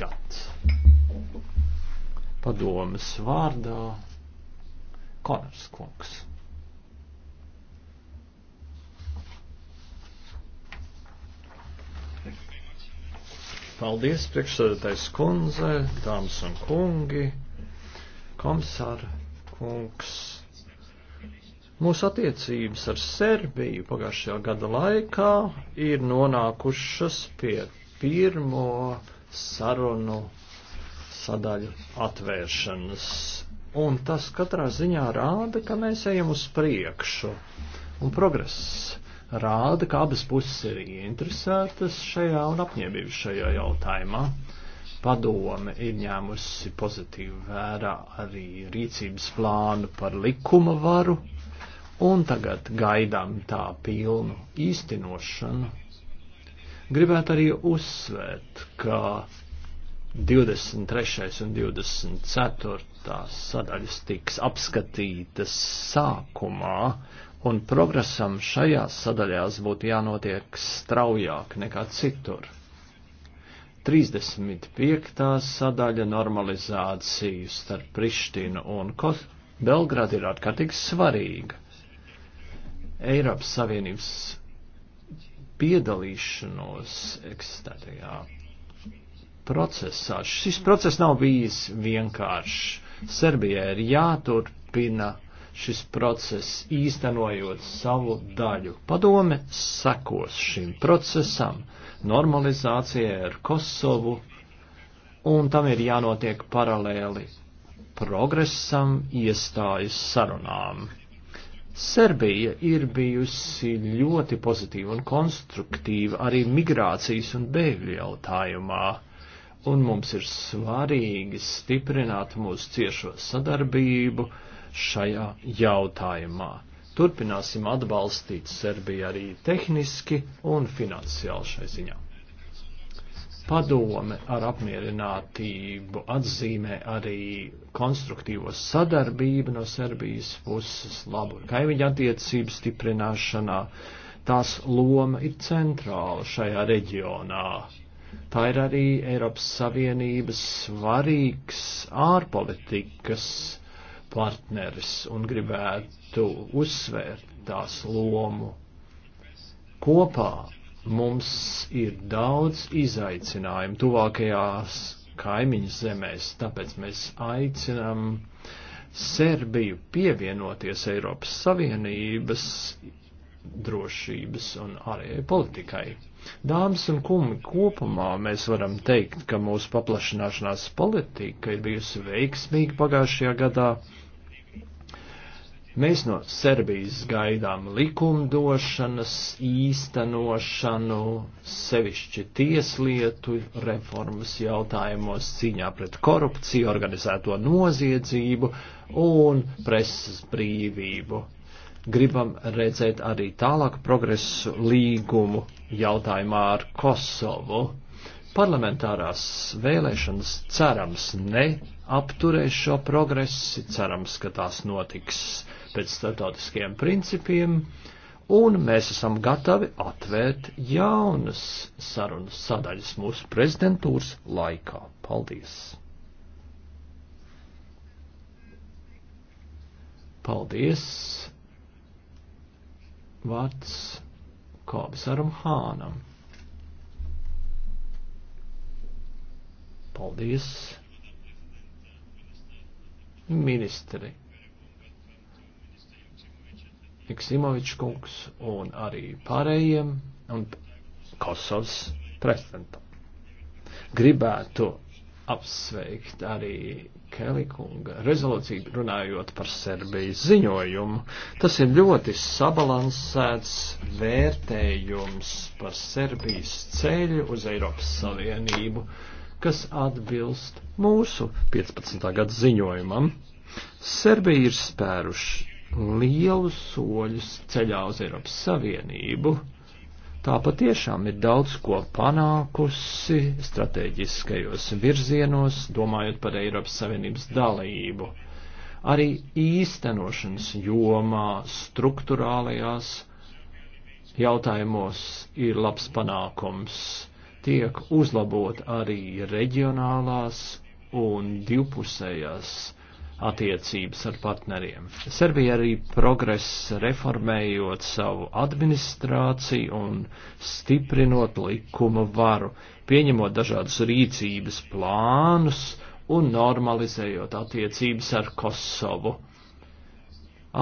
gads. Padomas vārdā Konars kungs. Paldies, priekšsēdētājs kundze, dāmas un kungi, komisāra kungs. Mūsu attiecības ar Serbiju pagājušajā gada laikā ir nonākušas pie pirmo sarunu sadaļu atvēršanas. Un tas katrā ziņā rāda, ka mēs ejam uz priekšu. Un progress rāda, ka abas puses ir ieinteresētas šajā un apņēmības šajā jautājumā. Padome ir ņēmusi pozitīvi vērā arī rīcības plānu par likuma varu, un tagad gaidām tā pilnu īstenošanu Gribētu arī uzsvērt, ka 23. un 24. sadaļas tiks apskatītas sākumā, un progresam šajās sadaļās būtu jānotiek straujāk nekā citur. 35. sadaļa normalizāciju starp Prištinu un Kos Belgradu ir ārkārtīgi svarīga. Eiropas Savienības piedalīšanos eksternajā procesā. Šis process nav bijis vienkāršs. Serbijai ir jāturpina šis process īstenojot savu daļu. Padome sekos šim procesam, normalizācijai ar Kosovu, un tam ir jānotiek paralēli progresam, iestājas sarunām. Serbija ir bijusi ļoti pozitīva un konstruktīva arī migrācijas un bēgļu jautājumā, un mums ir svarīgi stiprināt mūsu ciešo sadarbību šajā jautājumā. Turpināsim atbalstīt Serbiju arī tehniski un finansiāli šai ziņā. Padome ar apmierinātību atzīmē arī konstruktīvo sadarbību no Serbijas puses labu kaimiņu attiecību stiprināšanā. Tās loma ir centrāla šajā reģionā. Tā ir arī Eiropas Savienības svarīgs ārpolitikas partneris un gribētu uzsvērt tās lomu. Kopā Mums ir daudz izaicinājumu tuvākajās kaimiņas zemēs, tāpēc mēs aicinam Serbiju pievienoties Eiropas Savienības drošības un ārējai politikai. Dāmas un kungi, kopumā mēs varam teikt, ka mūsu paplašināšanās politika ir bijusi veiksmīga pagājušajā gadā. Mēs no Serbijas gaidām likumdošanas īstenošanu, sevišķi tieslietu reformas jautājumos cīņā pret korupciju, organizēto noziedzību un presas brīvību. Gribam redzēt arī tālāk progresu līgumu jautājumā ar Kosovu parlamentārās vēlēšanas cerams neapturēs šo progresi, cerams, ka tās notiks pēc starptautiskajiem principiem, un mēs esam gatavi atvērt jaunas sarunas sadaļas mūsu prezidentūras laikā. Paldies! Paldies! Vārds Kāpsaram Hānam. Paldies! Ministri! Iksimovičs kungs un arī pārējiem un Kosovas prezidentam. Gribētu apsveikt arī Kelikunga rezolūciju runājot par Serbijas ziņojumu. Tas ir ļoti sabalansēts vērtējums par Serbijas ceļu uz Eiropas Savienību, kas atbilst mūsu 15. gadu ziņojumam. Serbija ir spēruši lielus soļus ceļā uz Eiropas Savienību. Tā patiešām ir daudz ko panākusi strateģiskajos virzienos, domājot par Eiropas Savienības dalību. Arī īstenošanas jomā, struktūrālajās jautājumos ir labs panākums. Tiek uzlabot arī reģionālās un divpusējās attiecības ar partneriem. Serbija arī progress reformējot savu administrāciju un stiprinot likuma varu, pieņemot dažādus rīcības plānus un normalizējot attiecības ar Kosovu.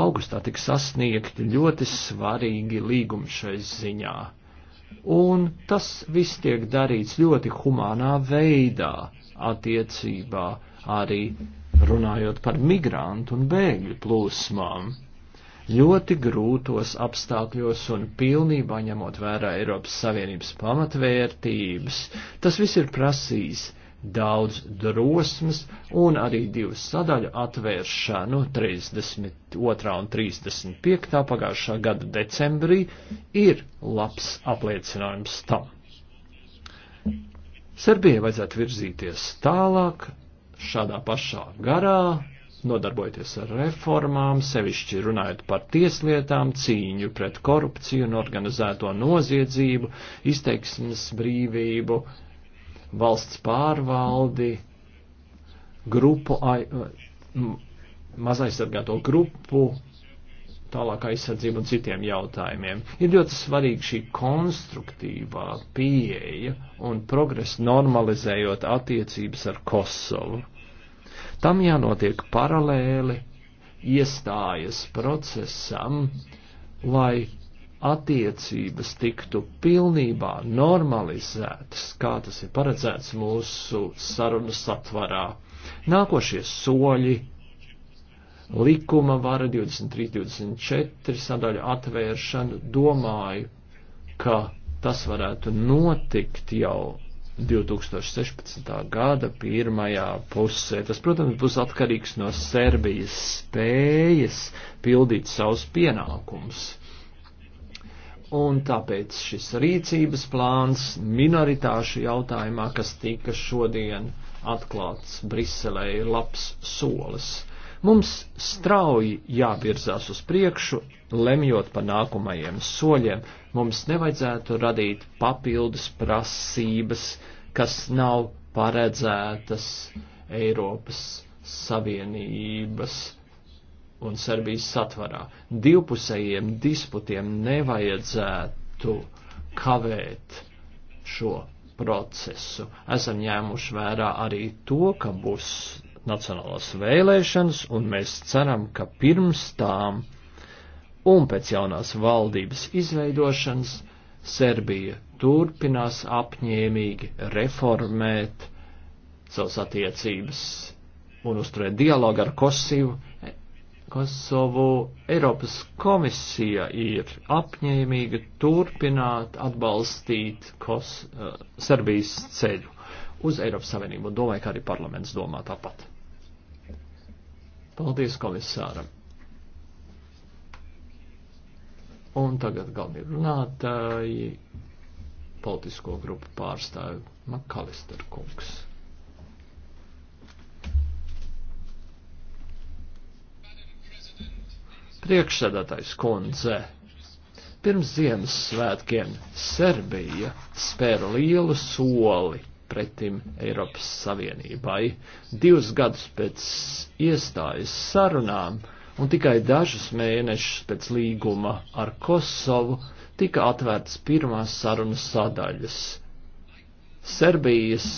Augustā tika sasniegti ļoti svarīgi līgumi šai ziņā, un tas viss tiek darīts ļoti humānā veidā attiecībā arī runājot par migrantu un bēgļu plūsmām. Ļoti grūtos apstākļos un pilnībā ņemot vērā Eiropas Savienības pamatvērtības, tas viss ir prasījis daudz drosmes un arī divu sadaļu atvēršanu 32. un 35. pagājušā gada decembrī ir labs apliecinājums tam. Serbijai vajadzētu virzīties tālāk šādā pašā garā, nodarbojoties ar reformām, sevišķi runājot par tieslietām, cīņu pret korupciju un organizēto noziedzību, izteiksmes brīvību, valsts pārvaldi, grupu, mazaizdarbēto grupu tālākā aizsardzība un citiem jautājumiem. Ir ļoti svarīga šī konstruktīvā pieeja un progresa normalizējot attiecības ar Kosovu. Tam jānotiek paralēli iestājas procesam, lai attiecības tiktu pilnībā normalizētas, kā tas ir paredzēts mūsu sarunas satvarā. Nākošie soļi likuma vara 23-24 sadaļu atvēršanu, domāju, ka tas varētu notikt jau 2016. gada pirmajā pusē. Tas, protams, būs atkarīgs no Serbijas spējas pildīt savus pienākumus un tāpēc šis rīcības plāns minoritāšu jautājumā, kas tika šodien atklāts Briselē, ir labs solis. Mums strauji jāvirzās uz priekšu, lemjot par nākamajiem soļiem. Mums nevajadzētu radīt papildus prasības, kas nav paredzētas Eiropas Savienības un Serbijas satvarā. Divpusējiem disputiem nevajadzētu kavēt šo procesu. Esam ņēmuši vērā arī to, ka būs nacionālās vēlēšanas, un mēs ceram, ka pirms tām un pēc jaunās valdības izveidošanas Serbija turpinās apņēmīgi reformēt savas attiecības un uzturēt dialogu ar Kosovu. Kosovu Eiropas komisija ir apņēmīga turpināt atbalstīt Kos, uh, Serbijas ceļu uz Eiropas Savienību un domāju, ka arī parlaments domā tāpat. Paldies komisāram! Un tagad galvenie runātāji politisko grupu pārstāvi Makalister kungs. Priekšsēdētājs kundze, pirms Ziemassvētkiem Serbija spēra lielu soli pretim Eiropas Savienībai. Divus gadus pēc iestājas sarunām un tikai dažus mēnešus pēc līguma ar Kosovu tika atvērtas pirmās sarunas sadaļas. Serbijas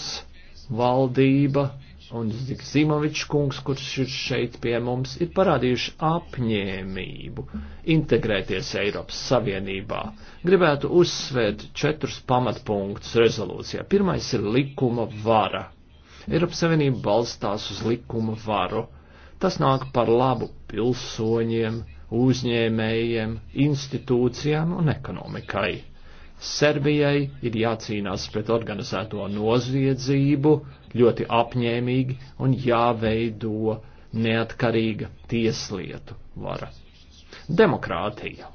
valdība un Zimovičs kungs, kurš ir šeit pie mums, ir parādījuši apņēmību integrēties Eiropas Savienībā. Gribētu uzsvērt četrus pamatpunktus rezolūcijā. Pirmais ir likuma vara. Eiropas Savienība balstās uz likuma varu. Tas nāk par labu pilsoņiem, uzņēmējiem, institūcijām un ekonomikai Serbijai ir jācīnās pret organizēto noziedzību ļoti apņēmīgi un jāveido neatkarīga tieslietu vara. Demokrātija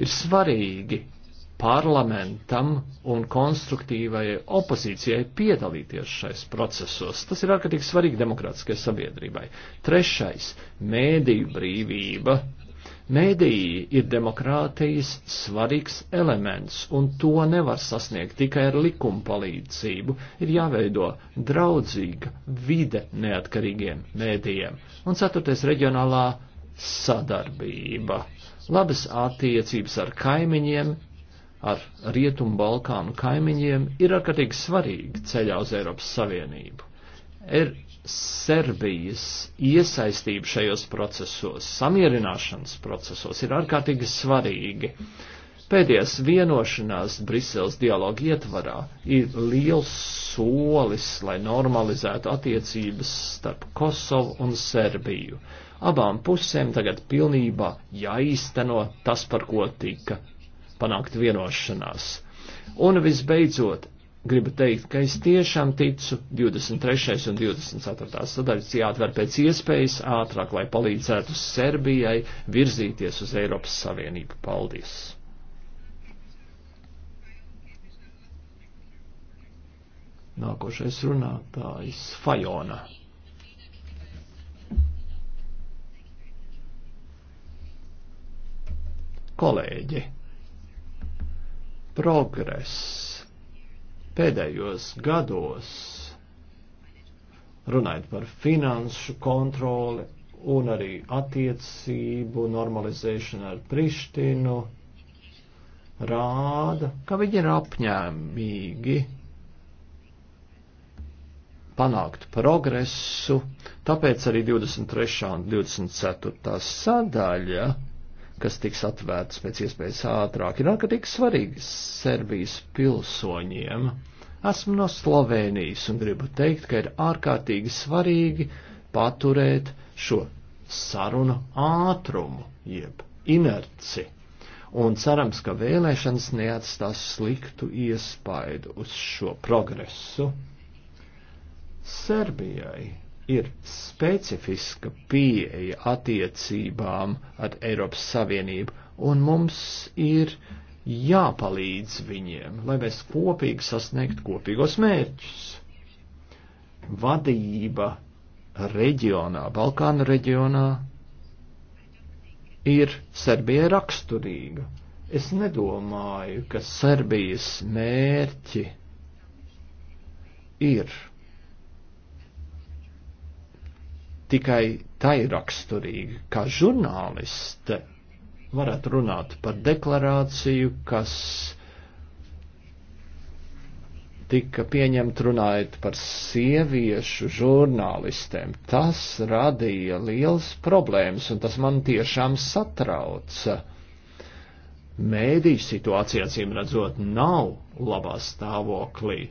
ir svarīgi parlamentam un konstruktīvai opozīcijai piedalīties šais procesos. Tas ir ārkārtīgi svarīgi demokrātiskai sabiedrībai. Trešais - mēdīju brīvība Mēdīji ir demokrātijas svarīgs elements, un to nevar sasniegt tikai ar likuma palīdzību. Ir jāveido draudzīga vide neatkarīgiem mēdījiem. Un ceturtais - reģionālā sadarbība. Labas attiecības ar kaimiņiem, ar Rietumu Balkānu kaimiņiem ir ārkārtīgi svarīgi ceļā uz Eiropas Savienību. Ir er- Serbijas iesaistība šajos procesos, samierināšanas procesos ir ārkārtīgi svarīgi. Pēdējais vienošanās Briseles dialogu ietvarā ir liels solis, lai normalizētu attiecības starp Kosovu un Serbiju. Abām pusēm tagad pilnībā jāīsteno tas, par ko tika panākt vienošanās. Un visbeidzot, gribu teikt, ka es tiešām ticu 23. un 24. sadaļas jāatver pēc iespējas ātrāk, lai palīdzētu Serbijai virzīties uz Eiropas Savienību. Paldies! Nākošais runātājs Fajona. Kolēģi, progress Pēdējos gados, runājot par finanšu kontroli un arī attiecību normalizēšanu ar Prištinu, rāda, ka viņi ir apņēmīgi panākt progresu, tāpēc arī 23. un 24. sadaļa, kas tiks atvērts pēc iespējas ātrāk, ir ārkārtīgi svarīgi Serbijas pilsoņiem. Esmu no Slovenijas un gribu teikt, ka ir ārkārtīgi svarīgi paturēt šo sarunu ātrumu, jeb inerci. Un cerams, ka vēlēšanas neatstās sliktu iespaidu uz šo progresu. Serbijai ir specifiska pieeja attiecībām ar Eiropas Savienību, un mums ir jāpalīdz viņiem, lai mēs kopīgi sasniegtu kopīgos mērķus. Vadība reģionā, Balkānu reģionā ir Serbijai raksturīga. Es nedomāju, ka Serbijas mērķi ir tikai tai raksturīgi, kā žurnāliste varētu runāt par deklarāciju, kas tika pieņemta runājot par sieviešu žurnālistēm. Tas radīja liels problēmas, un tas man tiešām satrauca. Mēdīšu situācija, acīm redzot, nav labā stāvoklī.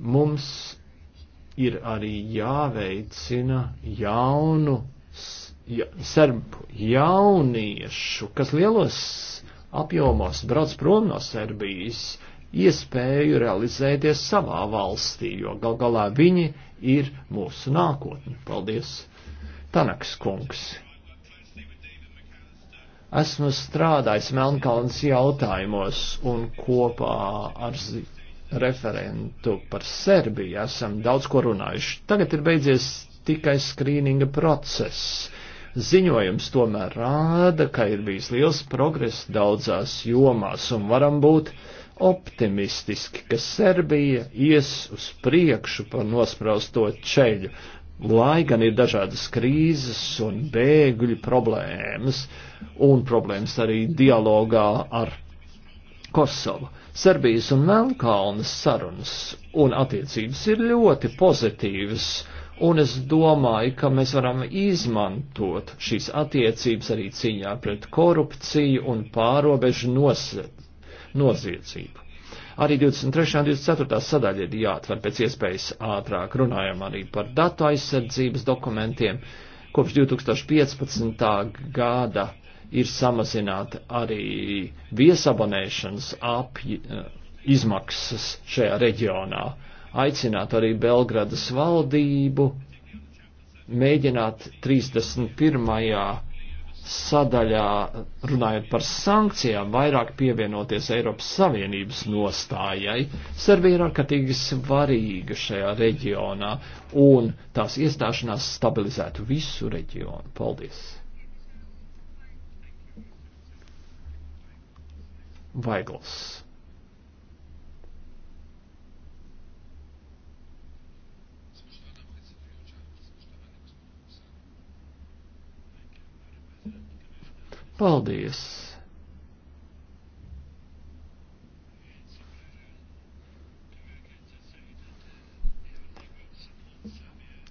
Mums ir arī jāveicina jaunu ja, serbu jauniešu, kas lielos apjomos brauc prom no Serbijas, iespēju realizēties savā valstī, jo gal galā viņi ir mūsu nākotne. Paldies! Tanaks kungs! Esmu strādājis Melnkalnas jautājumos un kopā ar referentu par Serbiju esam daudz ko runājuši. Tagad ir beidzies tikai skrīninga process Ziņojums tomēr rāda, ka ir bijis liels progress daudzās jomās un varam būt optimistiski, ka Serbija ies uz priekšu par nosprausto ceļu, lai gan ir dažādas krīzes un bēgļu problēmas un problēmas arī dialogā ar Kosovu. Serbijas un Melnkalnes sarunas un attiecības ir ļoti pozitīvas un es domāju, ka mēs varam izmantot šīs attiecības arī cīņā pret korupciju un pārobežu noziedzību. Arī 23. un 24. sadaļa ir jāatver pēc iespējas ātrāk. Runājam arī par datu aizsardzības dokumentiem. Kopš 2015. gada ir samazināta arī viesabonēšanas apj eh, izmaksas šajā reģionā. Uh, aicināt arī Belgradas valdību mēģināt 31 sadaļā, runājot par sankcijām, vairāk pievienoties Eiropas Savienības nostājai. Serbija ir ārkārtīgi svarīga šajā reģionā, un tās iestāšanās stabilizētu visu reģionu. Paldies! Vaigls. Paldies!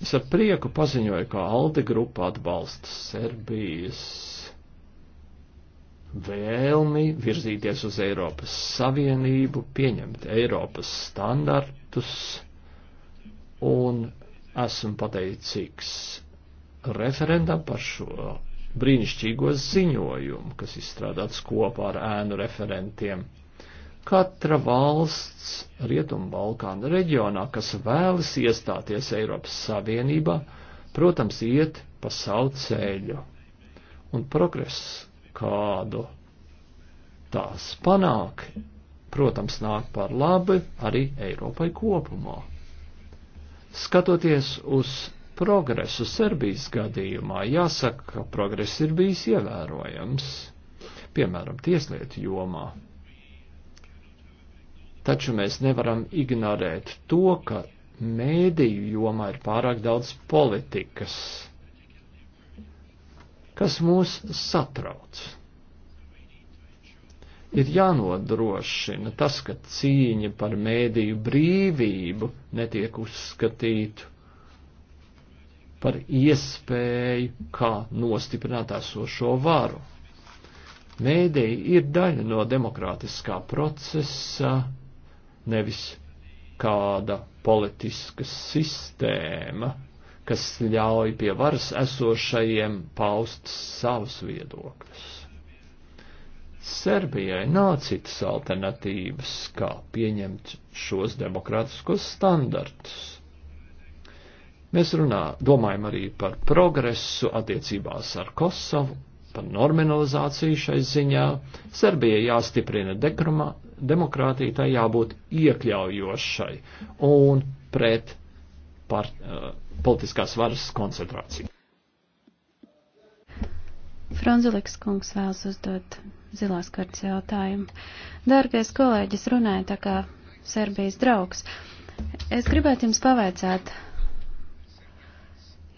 Es ar prieku paziņoju, ka Alde grupa atbalsta Serbijas vēlmi virzīties uz Eiropas Savienību, pieņemt Eiropas standartus, un esmu pateicīgs referendam par šo brīnišķīgo ziņojumu, kas izstrādāts kopā ar ēnu referentiem. Katra valsts Rietumbalkāna reģionā, kas vēlas iestāties Eiropas Savienībā, protams, iet pa savu ceļu. Un progress, kādu tās panāk, protams, nāk par labi arī Eiropai kopumā. Skatoties uz progresu Serbijas gadījumā, jāsaka, ka progress ir bijis ievērojams, piemēram, tieslietu jomā. Taču mēs nevaram ignorēt to, ka mēdīju jomā ir pārāk daudz politikas, kas mūs satrauc. Ir jānodrošina tas, ka cīņa par mēdīju brīvību netiek uzskatīta par iespēju, kā nostiprināt esošo varu. Mēdīja ir daļa no demokrātiskā procesa, nevis kāda politiska sistēma, kas ļauj pie varas esošajiem paust savus viedokļus. Serbijai nav citas alternatīvas, kā pieņemt šos demokrātiskos standartus Mēs runā, domājam arī par progresu attiecībās ar Kosovu, par normalizāciju šai ziņā. Serbija jāstiprina dekrumā, demokrātija tai jābūt iekļaujošai un pret par, uh, politiskās varas koncentrāciju. Franzeliks kungs vēlas uzdot zilās kartas jautājumu. Dārgais kolēģis runāja tā kā Serbijas draugs. Es gribētu jums pavaicāt,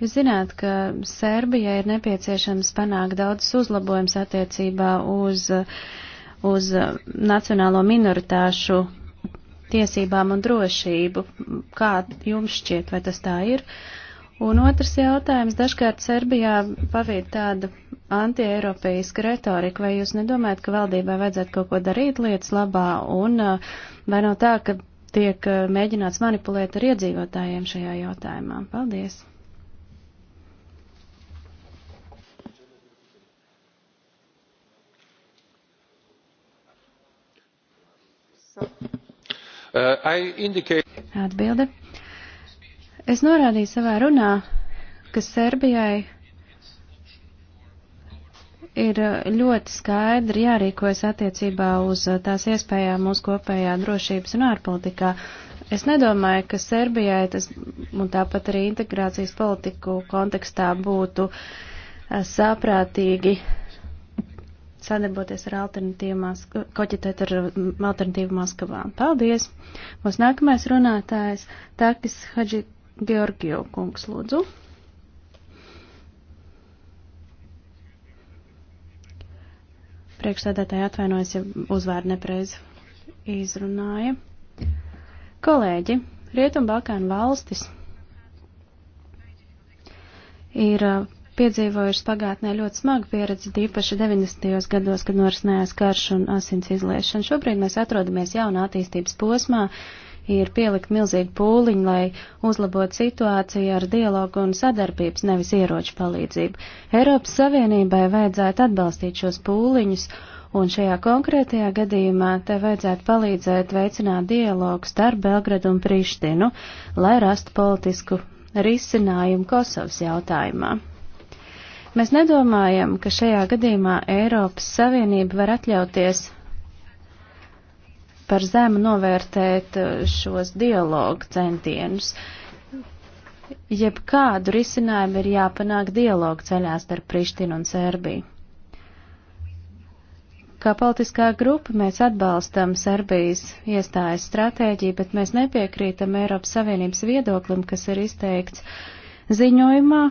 Jūs zināt, ka Serbijai ir nepieciešams panākt daudz uzlabojums attiecībā uz, uz nacionālo minoritāšu tiesībām un drošību. Kā jums šķiet, vai tas tā ir? Un otrs jautājums. Dažkārt Serbijā pavīd tāda antieiropeiska retorika. Vai jūs nedomājat, ka valdībai vajadzētu kaut ko darīt lietas labā? Un uh, vai nav tā, ka tiek uh, mēģināts manipulēt ar iedzīvotājiem šajā jautājumā? Paldies! Uh, Atbilde. Es norādīju savā runā, ka Serbijai ir uh, ļoti skaidri jārīkojas attiecībā uz uh, tās iespējām mūsu kopējā drošības un ārpolitikā. Es nedomāju, ka Serbijai tas, un tāpat arī integrācijas politiku kontekstā būtu saprātīgi sadarboties ar alternatīvās, koķitēt ar mm, alternatīvu Maskavā. Paldies! Mūsu nākamais runātājs Takis Hadži Georgiju kungs lūdzu. priekšsēdētāji atvainojas, ja uzvārdu nepreiz izrunāja. Kolēģi, Rietumbalkānu valstis ir uh, piedzīvojušas pagātnē ļoti smagu pieredzi, tīpaši 90. gados, kad norisinājās karš un asins izliešana. Šobrīd mēs atrodamies jaunā attīstības posmā, ir pielikt milzīgi pūliņi, lai uzlabotu situāciju ar dialogu un sadarbības, nevis ieroču palīdzību. Eiropas Savienībai vajadzētu atbalstīt šos pūliņus, un šajā konkrētajā gadījumā te vajadzētu palīdzēt veicināt dialogu starp Belgradu un Prištinu, lai rastu politisku risinājumu Kosovas jautājumā. Mēs nedomājam, ka šajā gadījumā Eiropas Savienība var atļauties par zemu novērtēt uh, šos dialogu centienus. Jebkādu risinājumu ir jāpanāk dialogu ceļā starp Prištinu un Serbiju. Kā politiskā grupa mēs atbalstam Serbijas iestājas stratēģiju, bet mēs nepiekrītam Eiropas Savienības viedoklim, kas ir izteikts ziņojumā,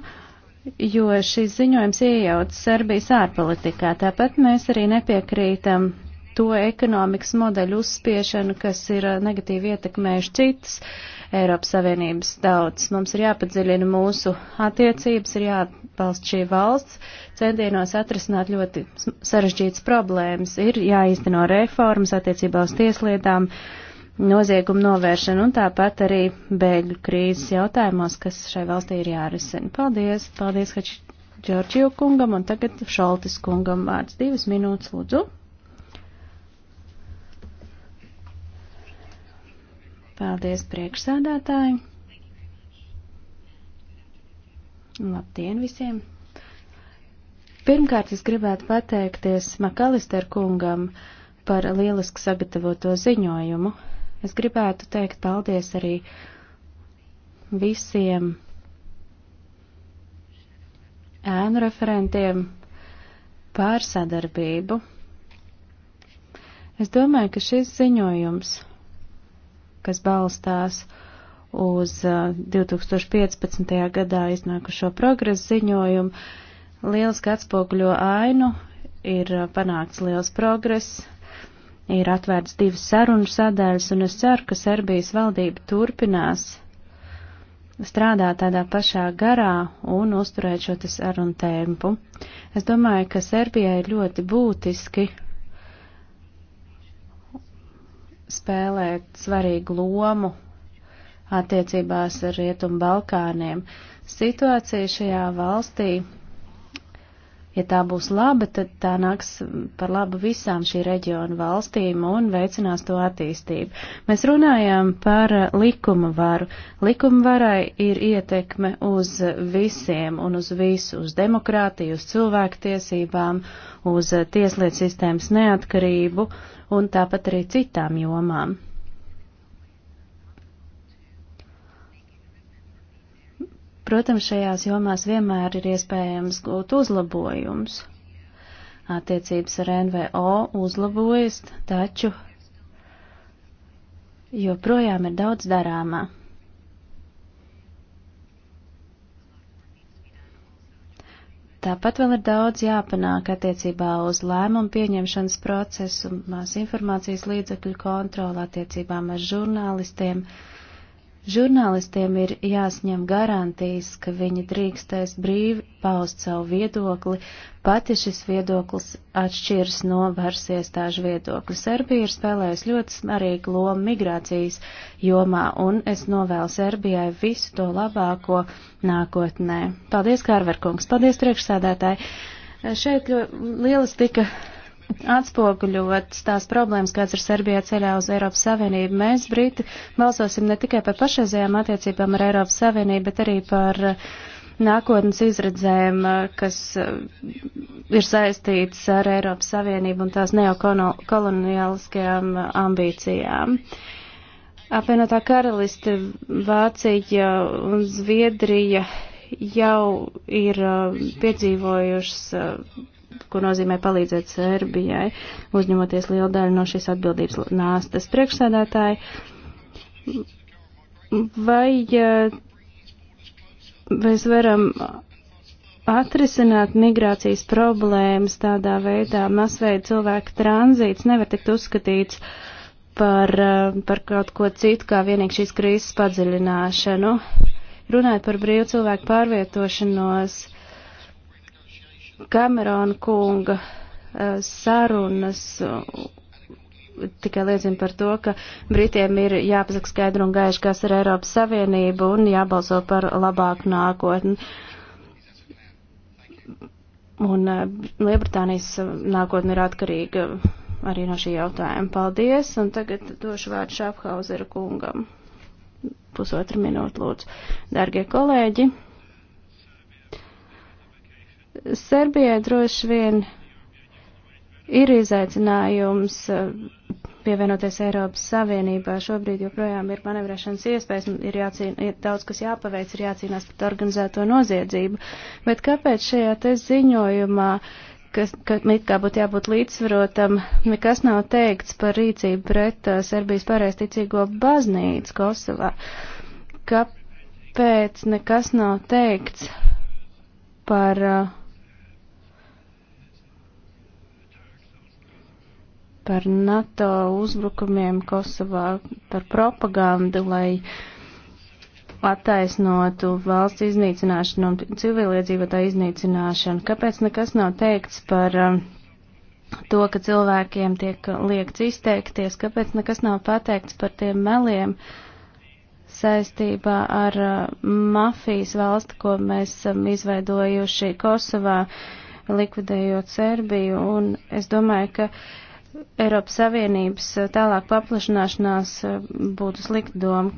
jo šis ziņojums iejauc Serbijas ārpolitikā. Tāpat mēs arī nepiekrītam to ekonomikas modeļu uzspiešanu, kas ir uh, negatīvi ietekmējuši citas Eiropas Savienības tautas. Mums ir jāpadziļina mūsu attiecības, ir jāatbalsta šī valsts, centienos atrisināt ļoti sarežģītas problēmas, ir jāizteno reformas attiecībā uz tieslietām, uh, noziegumu novēršanu un tāpat arī bēgļu krīzes jautājumos, kas šai valstī ir jārisina. Paldies, paldies, ka Čorčiju kungam un tagad Šaltis kungam vārds. Divas minūtes, lūdzu. Paldies, priekšsādātāji. Labdien visiem! Pirmkārt, es gribētu pateikties Makalister kungam par lieliski sagatavoto ziņojumu. Es gribētu teikt paldies arī visiem ēnu referentiem par sadarbību. Es domāju, ka šis ziņojums, kas balstās uz 2015. Uh, gadā iznākušo progresu ziņojumu, lieliski atspoguļo ainu, ir uh, panākts liels progress, ir atvērts divas sarunu sadaļas, un es ceru, ka Serbijas valdība turpinās strādāt tādā pašā garā un uzturēt šo sarunu tempu. Es domāju, ka Serbijai ir ļoti būtiski spēlēt svarīgu lomu attiecībās ar Rietumu Balkāniem. Situācija šajā valstī ja tā būs laba, tad tā nāks par labu visām šī reģiona valstīm un veicinās to attīstību. Mēs runājām par likuma varu. Likuma varai ir ietekme uz visiem un uz visu, uz demokrātiju, uz cilvēktiesībām, uz tieslietu sistēmas neatkarību un tāpat arī citām jomām. Protams, šajās jomās vienmēr ir iespējams gūt uzlabojums. Attiecības ar NVO uzlabojas, taču joprojām ir daudz darāmā. Tāpat vēl ir daudz jāpanāk attiecībā uz lēmumu pieņemšanas procesu, mās informācijas līdzekļu kontroli attiecībām ar žurnālistiem. Uh, Žurnālistiem ir jāsņem garantijas, ka viņi drīkstēs brīvi paust savu viedokli, pati šis viedoklis atšķirs no varas iestāžu viedokļa. Serbija ir spēlējusi ļoti svarīgu lomu migrācijas jomā, un es novēlu Serbijai visu to labāko nākotnē. Paldies, Kārverkungs! Paldies, priekšsēdētāji! Šeit ļoti lielas tika atspoguļots tās problēmas, kāds ir Serbijā ceļā uz Eiropas Savienību. Mēs, Briti, balsosim ne tikai par pašreizējām attiecībām ar Eiropas Savienību, bet arī par uh, nākotnes izredzēm, uh, kas uh, ir saistītas ar Eiropas Savienību un tās neokoloniāliskajām ambīcijām. Apvienotā karaliste, Vācija un Zviedrija jau ir piedzīvojušas ko nozīmē palīdzēt Serbijai, uzņemoties lielu daļu no šīs atbildības nāstas priekšsēdētāji. Vai mēs varam atrisināt migrācijas problēmas tādā veidā, masveida cilvēka tranzīts nevar tikt uzskatīts par, par kaut ko citu, kā vienīgi šīs krīzes padziļināšanu. Runājot par brīvu cilvēku pārvietošanos, Kamerona kunga eh, sarunas tikai liecina par to, ka Britiem ir jāpasaka skaidru un gaišu, kas ir Eiropas Savienība un jābalso par labāku nākotni. Un eh, Lielbritānijas nākotne ir atkarīga arī no šī jautājuma. Paldies, un tagad došu vārdu Šafhauzera kungam. Pusotru minūtu lūdzu. Dargie kolēģi! Serbijai droši vien ir izaicinājums eh, pievienoties Eiropas Savienībā. Šobrīd joprojām ir manevrēšanas iespējas, ir, jācīn, ir daudz, kas jāpaveic, ir jācīnās pret organizēto noziedzību. Bet kāpēc šajā te ziņojumā, kas, ka it kā būtu jābūt līdzsvarotam, nekas nav teikts par rīcību pret uh, Serbijas pareisticīgo baznīcu Kosovā? Kāpēc nekas nav teikts par. Uh, par NATO uzbrukumiem Kosovā, par propagandu, lai attaisnotu valsts iznīcināšanu un civiliedzīvotāju iznīcināšanu. Kāpēc nekas nav teikts par um, to, ka cilvēkiem tiek liekts izteikties? Kāpēc nekas nav pateikts par tiem meliem saistībā ar uh, mafijas valsti, ko mēs esam um, izveidojuši Kosovā, likvidējot Serbiju? Un es domāju, ka Eiropas Savienības eh, tālāk paplašanāšanās eh, būtu slikta doma.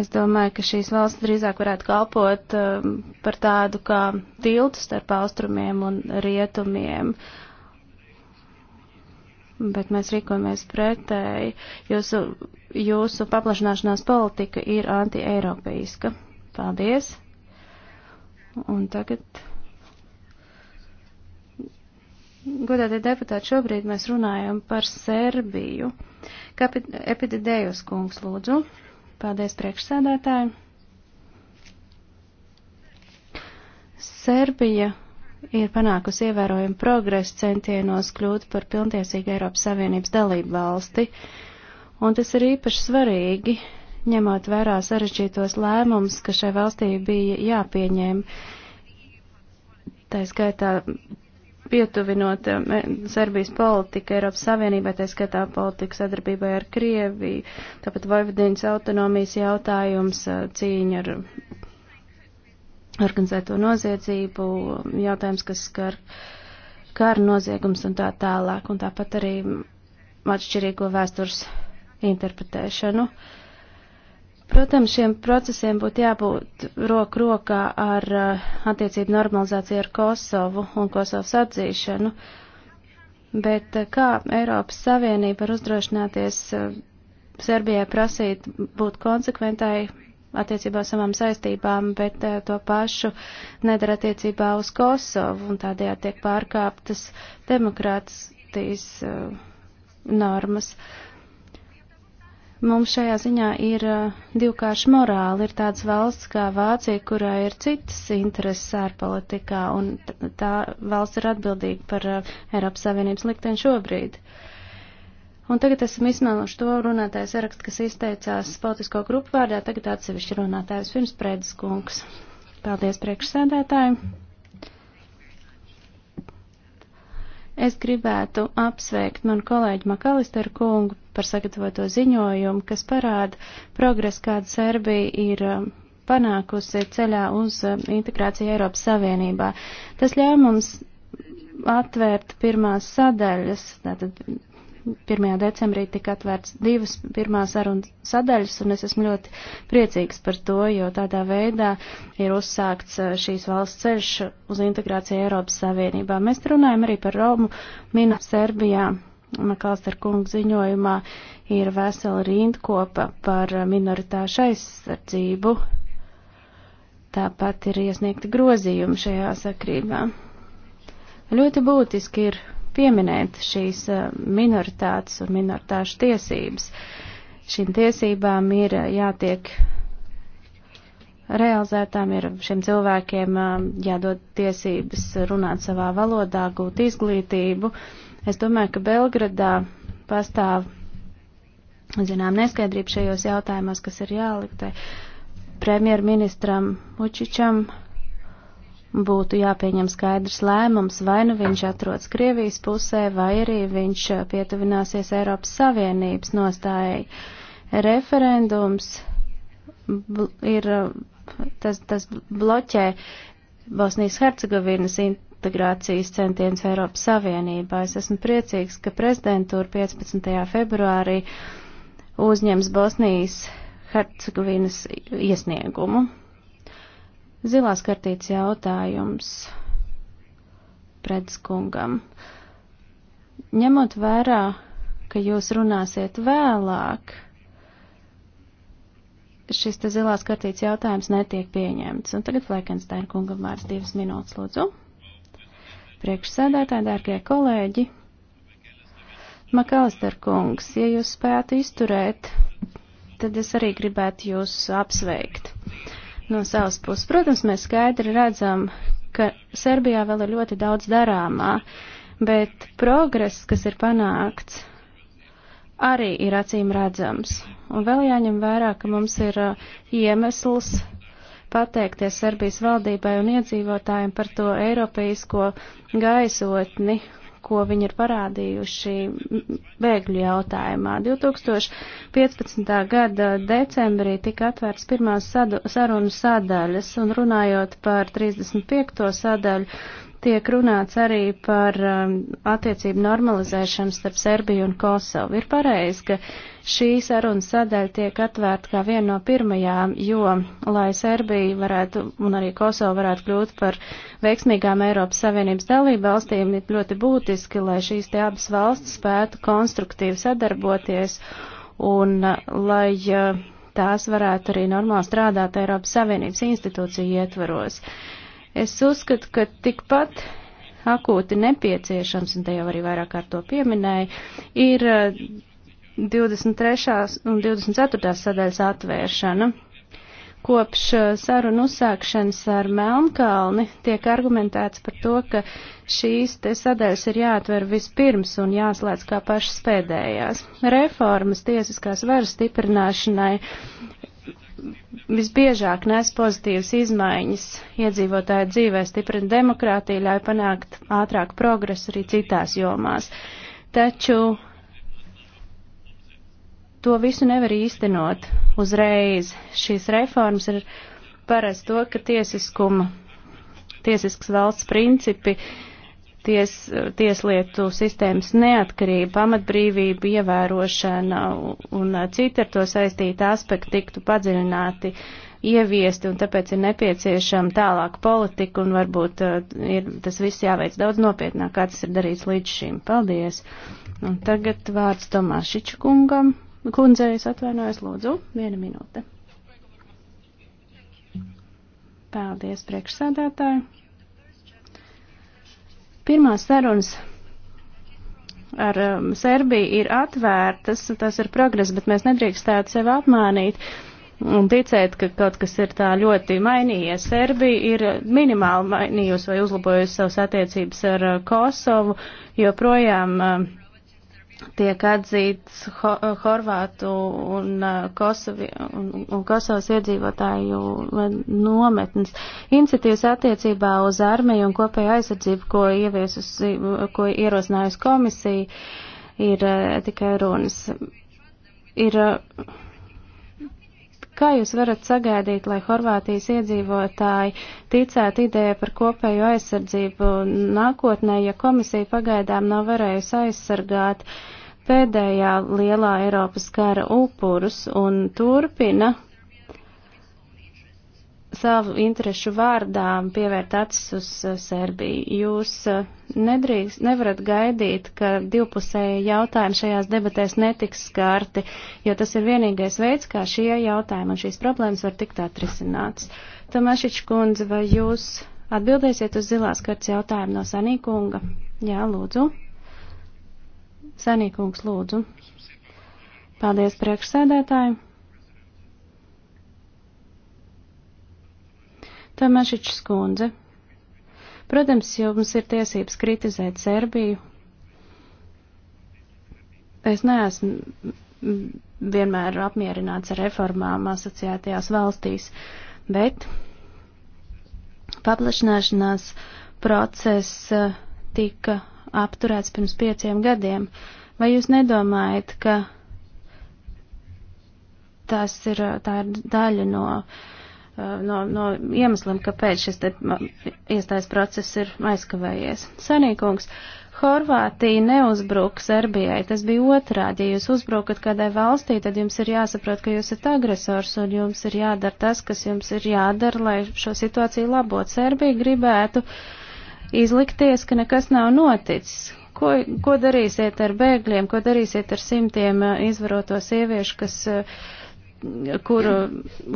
Es domāju, ka šīs valsts drīzāk varētu kalpot eh, par tādu kā tiltu starp austrumiem un rietumiem. Bet mēs rīkojamies pretēji. Jūsu, jūsu paplašanāšanās politika ir anti-eiropeiska. Paldies! Un tagad. Godātie deputāti, šobrīd mēs runājam par Serbiju. Kapit epididējus kungs lūdzu. Paldies priekšsēdētāji. Serbija ir panākusi ievērojumu progresu centienos kļūt par pilntiesīgu Eiropas Savienības dalību valsti, un tas ir īpaši svarīgi, ņemot vērā sarežģītos lēmumus, ka šai valstī bija jāpieņem tā skaitā pietuvinot eh, Serbijas politika Eiropas Savienībai, tā skatā politika sadarbībai ar Krieviju, tāpat Vojvodīnas autonomijas jautājums, eh, cīņa ar organizēto noziedzību, jautājums, kas skar kara noziegums un tā tālāk, un tāpat arī atšķirīgo vēstures interpretēšanu. Uh, Protams, šiem procesiem būtu jābūt roku rokā ar eh, attiecību normalizāciju ar Kosovu un Kosovas atzīšanu, bet eh, kā Eiropas Savienība var uzdrošināties eh, Serbijai prasīt būt konsekventai attiecībā uz savām saistībām, bet to pašu nedara attiecībā uz Kosovu, un tādējādi tiek pārkāptas demokrātijas normas. Uh, Mums šajā ziņā ir eh, divkārši morāli. Ir tāds valsts kā Vācija, kurā ir citas intereses ārpolitikā, un tā valsts ir atbildīga par eh, Eiropas Savienības likteni šobrīd. Un tagad esam izsmēluši to runātājs sarakstu, kas izteicās politisko grupu vārdā, tagad atsevišķi runātājs pirms prēdis kungs. Paldies priekšsēdētāji! Es gribētu apsveikt manu kolēģi Makalisteru kungu par sagatavoto ziņojumu, kas parāda progresu, kādu Serbija ir um, panākusi ceļā uz um, integrāciju Eiropas Savienībā. Tas ļauj mums atvērt pirmās sadaļas, tātad 1. decembrī tika atvērts divas pirmās sarunas sadaļas, un es esmu ļoti priecīgs par to, jo tādā veidā ir uzsākts eh, šīs valsts ceļš uz integrāciju Eiropas Savienībā. Mēs runājam arī par Romu minu Serbijā. Makalster kungu ziņojumā ir vesela rindkopa par minoritāšu aizsardzību. Tāpat ir iesniegti grozījumi šajā sakrībā. Ļoti būtiski ir pieminēt šīs eh, minoritātes un minoritāšu tiesības. Šīm tiesībām ir eh, jātiek realizētām, ir šiem cilvēkiem eh, jādod tiesības runāt savā valodā, gūt izglītību. Es domāju, ka Belgradā pastāv, zinām, neskaidrība šajos jautājumos, kas ir jāliktē premjerministram Učičam būtu jāpieņem skaidrs lēmums, vai nu viņš atrodas Krievijas pusē, vai arī viņš pietuvināsies Eiropas Savienības nostājai. Referendums ir, tas, tas bloķē Bosnijas Hercegovinas integrācijas centienus Eiropas Savienībā. Es esmu priecīgs, ka prezidentūra 15. februārī uzņems Bosnijas Hercegovinas iesniegumu. Zilās kartītes jautājums predskungam. Ņemot vērā, ka jūs runāsiet vēlāk, šis te zilās kartītes jautājums netiek pieņemts. Un tagad Flekensteina kungam vārds divas minūtes, lūdzu. Priekšsēdētāji, dārgie kolēģi, Makalister kungs, ja jūs spētu izturēt, tad es arī gribētu jūs apsveikt. Uh, no savas puses. Protams, mēs skaidri redzam, ka Serbijā vēl ir ļoti daudz darāmā, bet progress, kas ir panākts, arī ir acīm redzams. Un vēl jāņem vērā, ka mums ir uh, iemesls pateikties Serbijas valdībai un iedzīvotājiem par to eiropeisko gaisotni ko viņi ir parādījuši bēgļu jautājumā. 2015. gada decembrī tika atvērts pirmās sadu, sarunas sadaļas, un runājot par 35. sadaļu, tiek runāts arī par um, attiecību normalizēšanu starp Serbiju un Kosovu. Ir pareizi, ka šī saruna sadaļa tiek atvērta kā viena no pirmajām, jo, lai Serbija varētu un arī Kosova varētu kļūt par veiksmīgām Eiropas Savienības dalību valstīm, ir ļoti būtiski, lai šīs te abas valstis spētu konstruktīvi sadarboties un lai uh, tās varētu arī normāli strādāt Eiropas Savienības institūciju ietvaros. Uh, Es uzskatu, ka tikpat akūti nepieciešams, un te jau arī vairāk kārt to pieminēja, ir 23. Eh, un 24. sadaļas atvēršana. Kopš eh, sarunu uzsākšanas ar Melnkalni tiek argumentēts par to, ka šīs te sadaļas ir jāatver vispirms un jāslēdz kā pašas pēdējās. Reformas tiesiskās varas stiprināšanai visbiežāk nes pozitīvas izmaiņas iedzīvotāju dzīvē, stiprina demokrātiju, ļauj panākt ātrāk progresu arī citās jomās. Taču to visu nevar īstenot uzreiz. Šīs reformas ir parasti to, ka tiesiskuma, tiesisks valsts principi uh, ties, tieslietu sistēmas neatkarība, pamatbrīvība, ievērošana un uh, citi ar to saistīti aspekti tiktu padziļināti, ieviesti, un tāpēc ir nepieciešama tālāk politika, un varbūt uh, ir, tas viss jāveic daudz nopietnāk, kā tas ir darīts līdz šim. Paldies! Un tagad vārds Tomāšiču kungam. Kundzei es atvainojos, lūdzu, viena minūte. Paldies, priekšsādātāji! Pirmās sarunas ar um, Serbiju ir atvērtas, tas ir progress, bet mēs nedrīkstētu sevi apmānīt un ticēt, ka kaut kas ir tā ļoti mainījies. Serbija ir minimāli mainījusi vai uzlabojusi savas attiecības ar uh, Kosovu, joprojām. Um, tiek atzīts ho Horvātu un, uh, Kosovi, un, un Kosovas iedzīvotāju nometnes. Iniciatīvas attiecībā uz armiju un kopēju aizsardzību, ko, ieviesusi, ko ierosinājusi komisija, ir uh, tikai runas. Ir, uh, Kā jūs varat sagaidīt, lai Horvātijas iedzīvotāji ticētu ideja par kopēju aizsardzību nākotnē, ja komisija pagaidām nav varējusi aizsargāt pēdējā lielā Eiropas kara upurus un turpina savu interešu vārdā pievērt acis uz eh, Serbiju. Jūs eh, nedrīkst, nevarat gaidīt, ka divpusēji jautājumi šajās debatēs netiks skārti, jo tas ir vienīgais veids, kā šie jautājumi un šīs problēmas var tikt atrisināts. Tomašič kundze, vai jūs atbildēsiet uz zilās karts jautājumu no Sanīkunga? Jā, lūdzu. Sanīkungs, lūdzu. Paldies priekšsēdētāji. Tomašičs kundze. Protams, jums ir tiesības kritizēt Serbiju. Es neesmu vienmēr apmierināts ar reformām asociētajās valstīs, bet paplašināšanās process eh, tika apturēts pirms pieciem gadiem. Vai jūs nedomājat, ka tas ir, eh, tā ir daļa no uh, no, no iemesliem, kāpēc šis te iestājas process ir aizkavējies. Sanīkungs, Horvātija neuzbruk Serbijai, tas bija otrādi. Ja jūs uzbrukat kādai valstī, tad jums ir jāsaprot, ka jūs esat agresors un jums ir jādara tas, kas jums ir jādara, lai šo situāciju labot. Serbija gribētu izlikties, ka nekas nav noticis. Ko, ko darīsiet ar bēgļiem, ko darīsiet ar simtiem uh, izvaroto sieviešu, kas uh, kuru,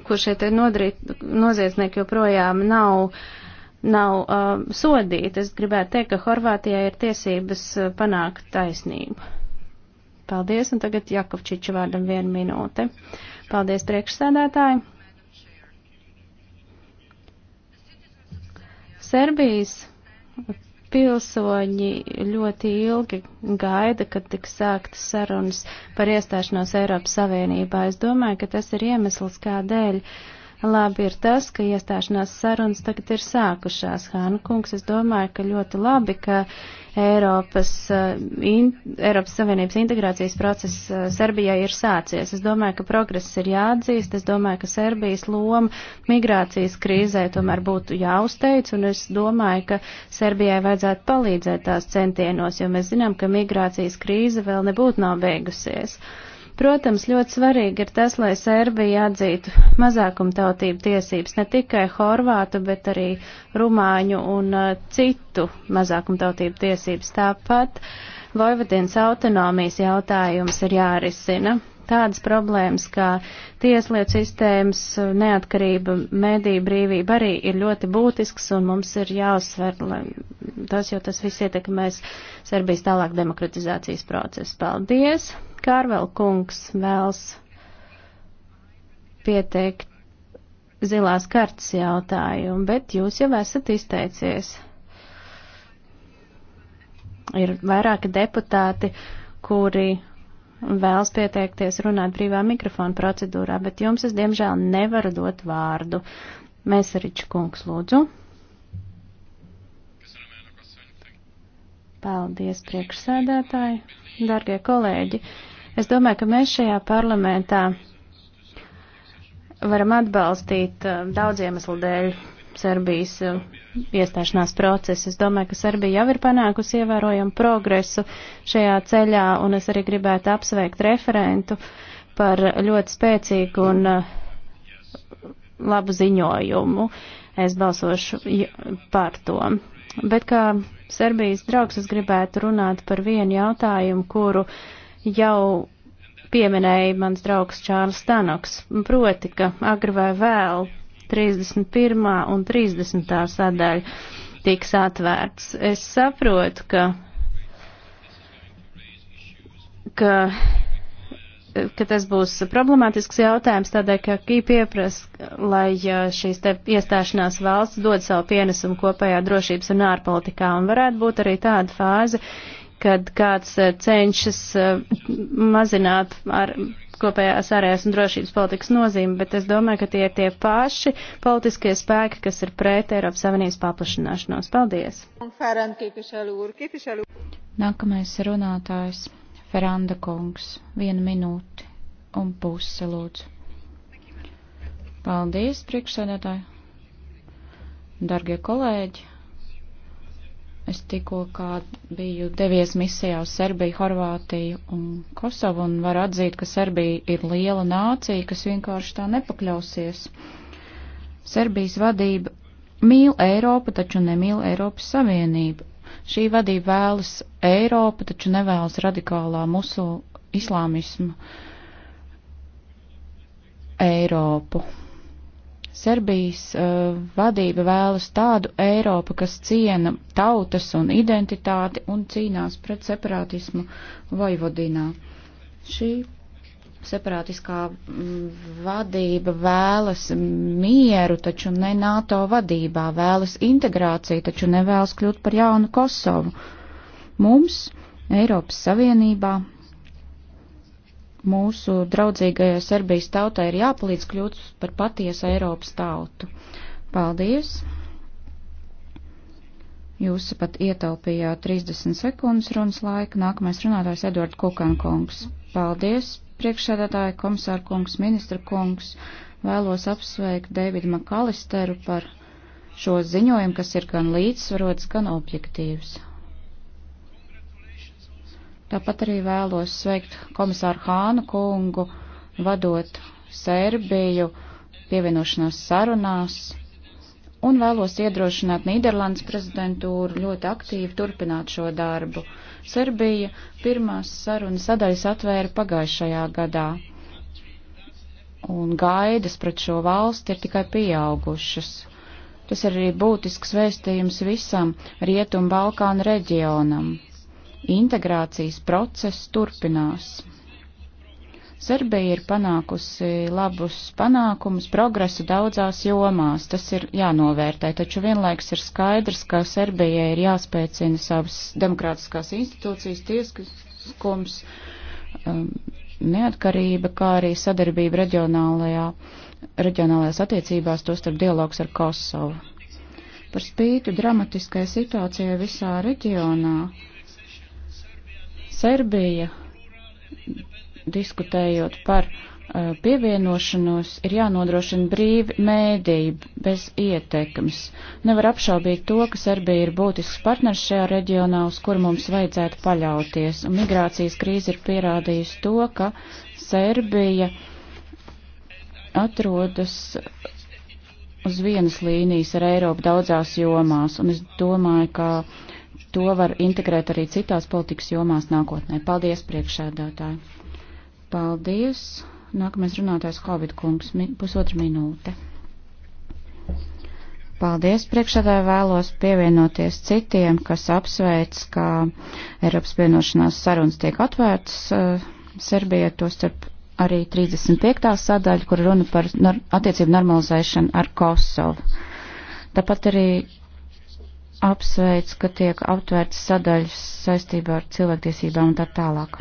kur šie te nodrīt, noziedznieki joprojām nav, nav uh, sodīti. Es gribētu teikt, ka Horvātijai ir tiesības uh, panākt taisnību. Paldies, un tagad Jakovčiča vārdam vienu minūte. Paldies, priekšsēdētāji. Serbijas pilsoņi ļoti ilgi gaida, kad tiks sāktas sarunas par iestāšanos Eiropas Savienībā. Es domāju, ka tas ir iemesls, kādēļ uh, Labi ir tas, ka iestāšanās sarunas tagad ir sākušās. Hāna kungs, es domāju, ka ļoti labi, ka Eiropas, eh, in, Eiropas Savienības integrācijas process eh, Serbijai ir sācies. Es domāju, ka progress ir jāatzīst. Es domāju, ka Serbijas loma migrācijas krīzē tomēr būtu jāuzteic, un es domāju, ka Serbijai vajadzētu palīdzēt tās centienos, jo mēs zinām, ka migrācijas krīze vēl nebūtu nav beigusies. Uh, Protams, ļoti svarīgi ir tas, lai Serbija atzītu mazākumtautību tiesības ne tikai horvātu, bet arī rumāņu un uh, citu mazākumtautību tiesības. Tāpat Vojvodienas autonomijas jautājums ir jārisina. Tādas problēmas kā tieslietu sistēmas neatkarība, mediju brīvība arī ir ļoti būtisks un mums ir jāuzsver, tas jau tas viss ietekmēs Serbijas tālāk demokratizācijas procesu. Paldies! Kārvel kungs vēls pieteikt zilās kartas jautājumu, bet jūs jau esat izteicies. Ir vairāki deputāti, kuri vēlas pieteikties runāt brīvā mikrofona procedūrā, bet jums es diemžēl nevaru dot vārdu. Mēs arī čkungs lūdzu. Paldies, priekšsēdētāji, darbie kolēģi. Es domāju, ka mēs šajā parlamentā varam atbalstīt uh, daudz iemeslu dēļ Serbijas uh, iestāšanās procesu. Es domāju, ka Serbija jau ir panākusi ievērojamu progresu šajā ceļā, un es arī gribētu apsveikt referentu par ļoti spēcīgu un uh, labu ziņojumu. Es balsošu par to. Bet kā Serbijas draugs, es gribētu runāt par vienu jautājumu, kuru jau pieminēja mans draugs Čārls Stanoks. Proti, ka agri vai vēl 31. un 30. sadaļa tiks atvērts. Es saprotu, ka, ka ka tas būs problemātisks jautājums, tādēļ, ka Kī pieprasa, lai šīs te iestāšanās valsts dod savu pienesumu kopējā drošības un ārpolitikā, un varētu būt arī tāda fāze, kad kāds eh, cenšas eh, mazināt ar kopējās ārējās un drošības politikas nozīmi, bet es domāju, ka tie ir tie paši politiskie spēki, kas ir pret Eiropas Savienības paplašināšanos. Paldies! Nākamais runātājs. Feranda kungs, viena minūte un puse lūdzu. Paldies, priekšsēdētāji. Dargie kolēģi, es tikko kā biju devies misijā uz Serbiju, Horvātiju un Kosovu un varu atzīt, ka Serbija ir liela nācija, kas vienkārši tā nepakļausies. Serbijas vadība mīl Eiropu, taču nemīl Eiropas Savienību Šī vadība vēlas Eiropu, taču nevēlas radikālā musu islāmismu Eiropu. Serbijas uh, vadība vēlas tādu Eiropu, kas ciena tautas un identitāti un cīnās pret separātismu Vojvodinā. Šī separātiskā mm, vadība vēlas mieru, taču ne NATO vadībā, vēlas integrāciju, taču nevēlas kļūt par jaunu Kosovu. Mums, Eiropas Savienībā, mūsu draudzīgajai Serbijas tautai ir jāpalīdz kļūt par patiesu Eiropas tautu. Paldies! Jūs pat ietaupījāt 30 sekundes runas laika. Nākamais runātājs Edvard Kukankungs. Paldies! priekšsēdētāja komisāra kungs, ministra kungs, vēlos apsveikt Deividu Makalisteru par šo ziņojumu, kas ir gan līdzsvarots, gan objektīvs. Tāpat arī vēlos sveikt komisāru Hānu kungu, vadot Serbiju pievienošanās sarunās un vēlos iedrošināt Nīderlandes prezidentūru ļoti aktīvi turpināt šo darbu. Serbija pirmās sarunas sadaļas atvēra pagājušajā gadā, un gaidas pret šo valsti ir tikai pieaugušas. Tas ir arī būtisks vēstījums visam Rietumu Balkānu reģionam. Integrācijas process turpinās. Serbija ir panākusi labus panākumus, progresu daudzās jomās, tas ir jānovērtē, taču vienlaiks ir skaidrs, ka Serbijai ir jāspēcina savas demokrātiskās institūcijas, tiesiskums, um, neatkarība, kā arī sadarbība reģionālajā, reģionālajās attiecībās, to starp dialogs ar Kosovu. Par spīti dramatiskai situācijai visā reģionā, Serbija diskutējot par eh, pievienošanos, ir jānodrošina brīvi mēdīji bez ietekmes. Nevar apšaubīt to, ka Serbija ir būtisks partners šajā reģionā, uz kur mums vajadzētu paļauties. Un migrācijas krīze ir pierādījusi to, ka Serbija atrodas uz vienas līnijas ar Eiropu daudzās jomās, un es domāju, ka to var integrēt arī citās politikas jomās nākotnē. Paldies, priekšēdētāji! Paldies. Nākamais runātājs Covid kungs, mi, pusotra minūte. Paldies priekšādāju vēlos pievienoties citiem, kas apsveic, ka Eiropas vienošanās sarunas tiek atvērtas uh, Serbijai, to starp arī 35. sadaļa, kur runa par nor attiecību normalizēšanu ar Kosovu. Tāpat arī apsveic, ka tiek aptvērts sadaļas saistībā ar cilvēktiesībām un tā tālāk.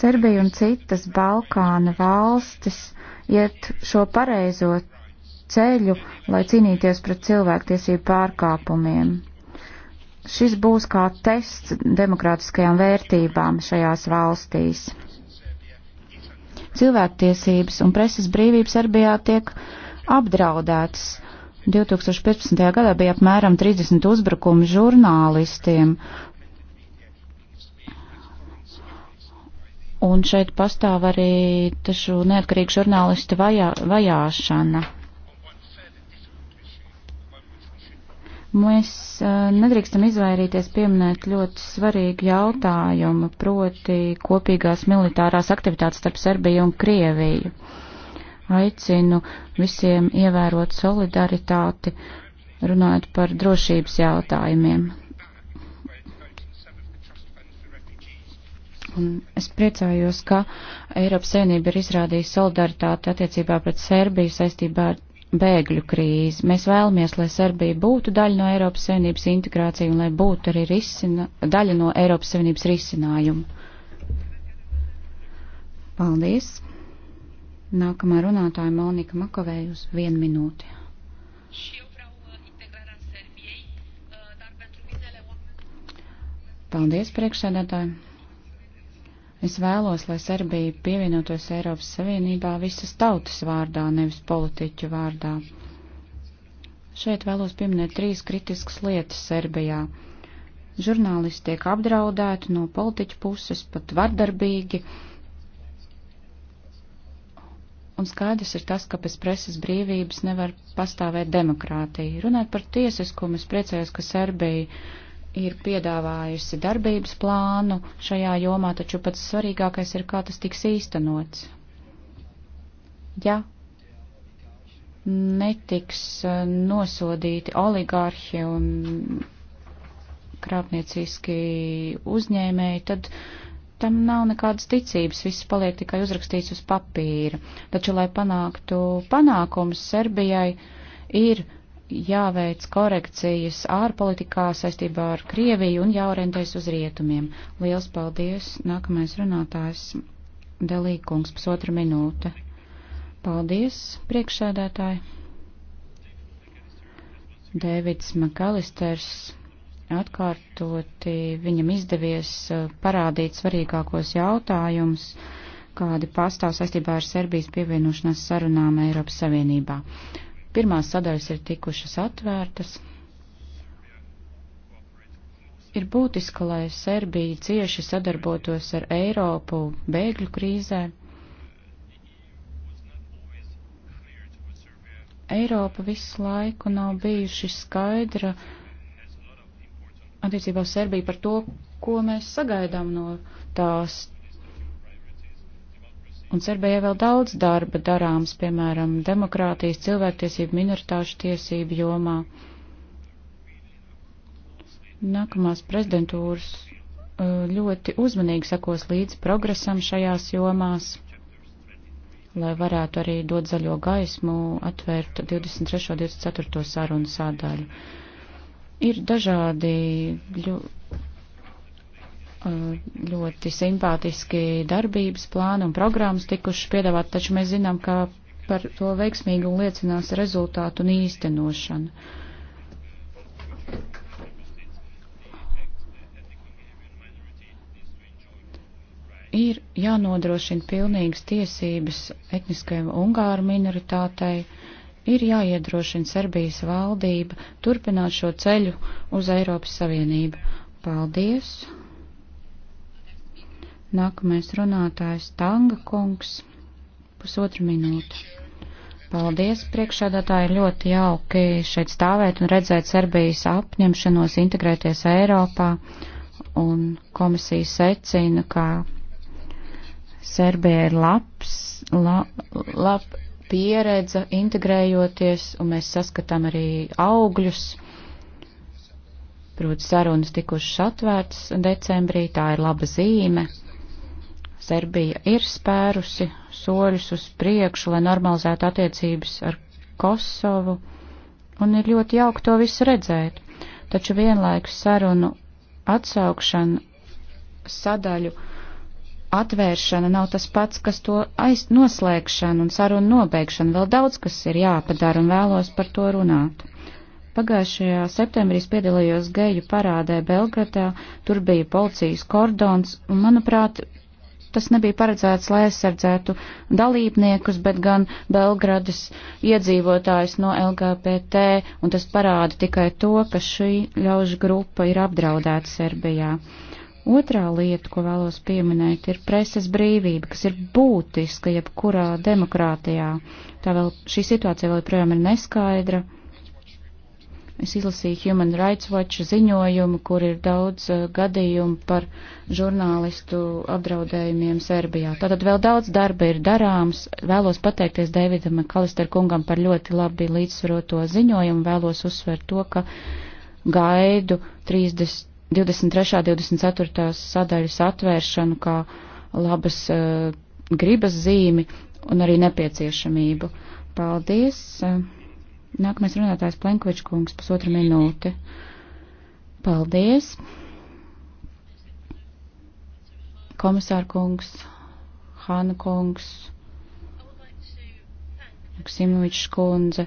Serbija un citas Balkāna valstis iet šo pareizo ceļu, lai cīnīties pret cilvēktiesību pārkāpumiem. Šis būs kā tests demokrātiskajām vērtībām šajās valstīs. Cilvēktiesības un preses brīvības Serbijā tiek apdraudētas. 2015. gadā bija apmēram 30 uzbrukumi žurnālistiem, Un šeit pastāv arī taču neatkarīgi žurnālisti vajā, vajāšana. Mēs nedrīkstam izvairīties pieminēt ļoti svarīgu jautājumu, proti kopīgās militārās aktivitātes starp Serbiju un Krieviju. Aicinu visiem ievērot solidaritāti, runājot par drošības jautājumiem. Un es priecājos, ka Eiropas Savienība ir izrādījusi solidaritāti attiecībā pret Serbiju saistībā ar bēgļu krīzi. Mēs vēlamies, lai Serbija būtu daļa no Eiropas Savienības integrācija un lai būtu arī risina, daļa no Eiropas Savienības risinājuma. Paldies! Nākamā runātāja Monika Makovēja uz vienu minūti. Paldies, priekšsēdētāji! Es vēlos, lai Serbija pievienotos Eiropas Savienībā visas tautas vārdā, nevis politiķu vārdā. Šeit vēlos pieminēt trīs kritiskas lietas Serbijā. Žurnālisti tiek apdraudēti no politiķu puses, pat vardarbīgi. Un skaidrs ir tas, ka bez preses brīvības nevar pastāvēt demokrātija. Runāt par tiesiskumu, es priecājos, ka Serbija ir piedāvājusi darbības plānu šajā jomā, taču pats svarīgākais ir, kā tas tiks īstenots. Ja netiks eh, nosodīti oligārhi un krāpnieciski uzņēmēji, tad tam nav nekādas ticības, viss paliek tikai uzrakstīts uz papīra. Taču, lai panāktu panākums Serbijai, ir jāveic korekcijas ārpolitikā saistībā ar Krieviju un jāorientēs uz rietumiem. Liels paldies! Nākamais runātājs Delīkungs, pusotra minūte. Paldies, priekšsēdētāji! Dēvids Makalisters atkārtoti viņam izdevies uh, parādīt svarīgākos jautājumus, kādi pastāv saistībā ar Serbijas pievienošanās sarunām Eiropas Savienībā. Pirmās sadaļas ir tikušas atvērtas. Ir būtiski, lai Serbija cieši sadarbotos ar Eiropu bēgļu krīzē. Eiropa visu laiku nav bijuši skaidra attiecībā uz Serbiju par to, ko mēs sagaidām no tās Un Serbijai vēl daudz darba darāms, piemēram, demokrātijas, cilvēktiesību, minoritāšu tiesību jomā. Nākamās prezidentūras uh, ļoti uzmanīgi sekos līdz progresam šajās jomās, lai varētu arī dot zaļo gaismu, atvērt 23. un 24. sarunu sādaļu. Ir dažādi ļoti Uh, ļoti simpātiski darbības plāni un programmas tikuši piedāvāt, taču mēs zinām, ka par to veiksmīgu liecinās rezultātu un īstenošanu. Ir jānodrošina pilnīgas tiesības etniskajai ungāru minoritātei, ir jāiedrošina Serbijas valdība turpināt šo ceļu uz Eiropas Savienību. Paldies! Nākamais runātājs Tanga kungs, pusotra minūte. Paldies, priekšādātāji, ļoti jauki šeit stāvēt un redzēt Serbijas apņemšanos integrēties Eiropā, un komisija secina, ka Serbija ir labs, la, lab pieredze integrējoties, un mēs saskatām arī augļus proti sarunas tikušas atvērtas decembrī, tā ir laba zīme. Serbija ir spērusi soļus uz priekšu, lai normalizētu attiecības ar Kosovu, un ir ļoti jauki to visu redzēt. Taču vienlaikus sarunu atsaukšana sadaļu atvēršana nav tas pats, kas to aiz noslēgšana un sarunu nobeigšana. Vēl daudz, kas ir jāpadara un vēlos par to runāt. Pagājušajā septembrī piedalījos geju parādē Belgradā, tur bija policijas kordons, un, manuprāt, tas nebija paredzēts, lai aizsardzētu dalībniekus, bet gan Belgradas iedzīvotājus no LGBT, un tas parāda tikai to, ka šī ļaužu grupa ir apdraudēta Serbijā. Otrā lieta, ko vēlos pieminēt, ir preses brīvība, kas ir būtiska jebkurā demokrātijā. Tā vēl šī situācija vēl joprojām ir neskaidra. Es izlasīju Human Rights Watch ziņojumu, kur ir daudz eh, gadījumu par žurnālistu apdraudējumiem Serbijā. Tātad vēl daudz darba ir darāms. Vēlos pateikties Davidam Kalister kungam par ļoti labi līdzsvaroto ziņojumu. Vēlos uzsvērt to, ka gaidu 30, 23. 24. sadaļas atvēršanu kā labas uh, gribas zīmi un arī nepieciešamību. Paldies! Uh, Nākamais runātājs Plenkovičs kungs, pusotra minūte. Paldies. Komisāra kungs, Hāna kungs, Maksimovičs kundze.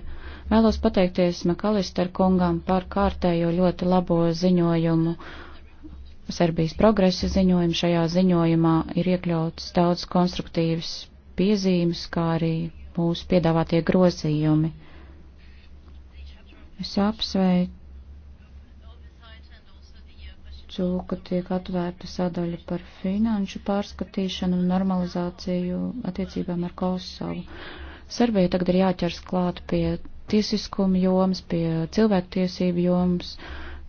Vēlos pateikties Makalister kungām par kārtējo ļoti labo ziņojumu. Serbijas progresa ziņojumu šajā ziņojumā ir iekļauts daudz konstruktīvas piezīmes, kā arī mūsu piedāvātie grozījumi. Es apsveicu, ka tiek atvērta sadaļa par finanšu pārskatīšanu un normalizāciju attiecībām ar Kosovu. Serbija tagad ir jāķers klāt pie tiesiskuma jomas, pie cilvēktiesību jomas,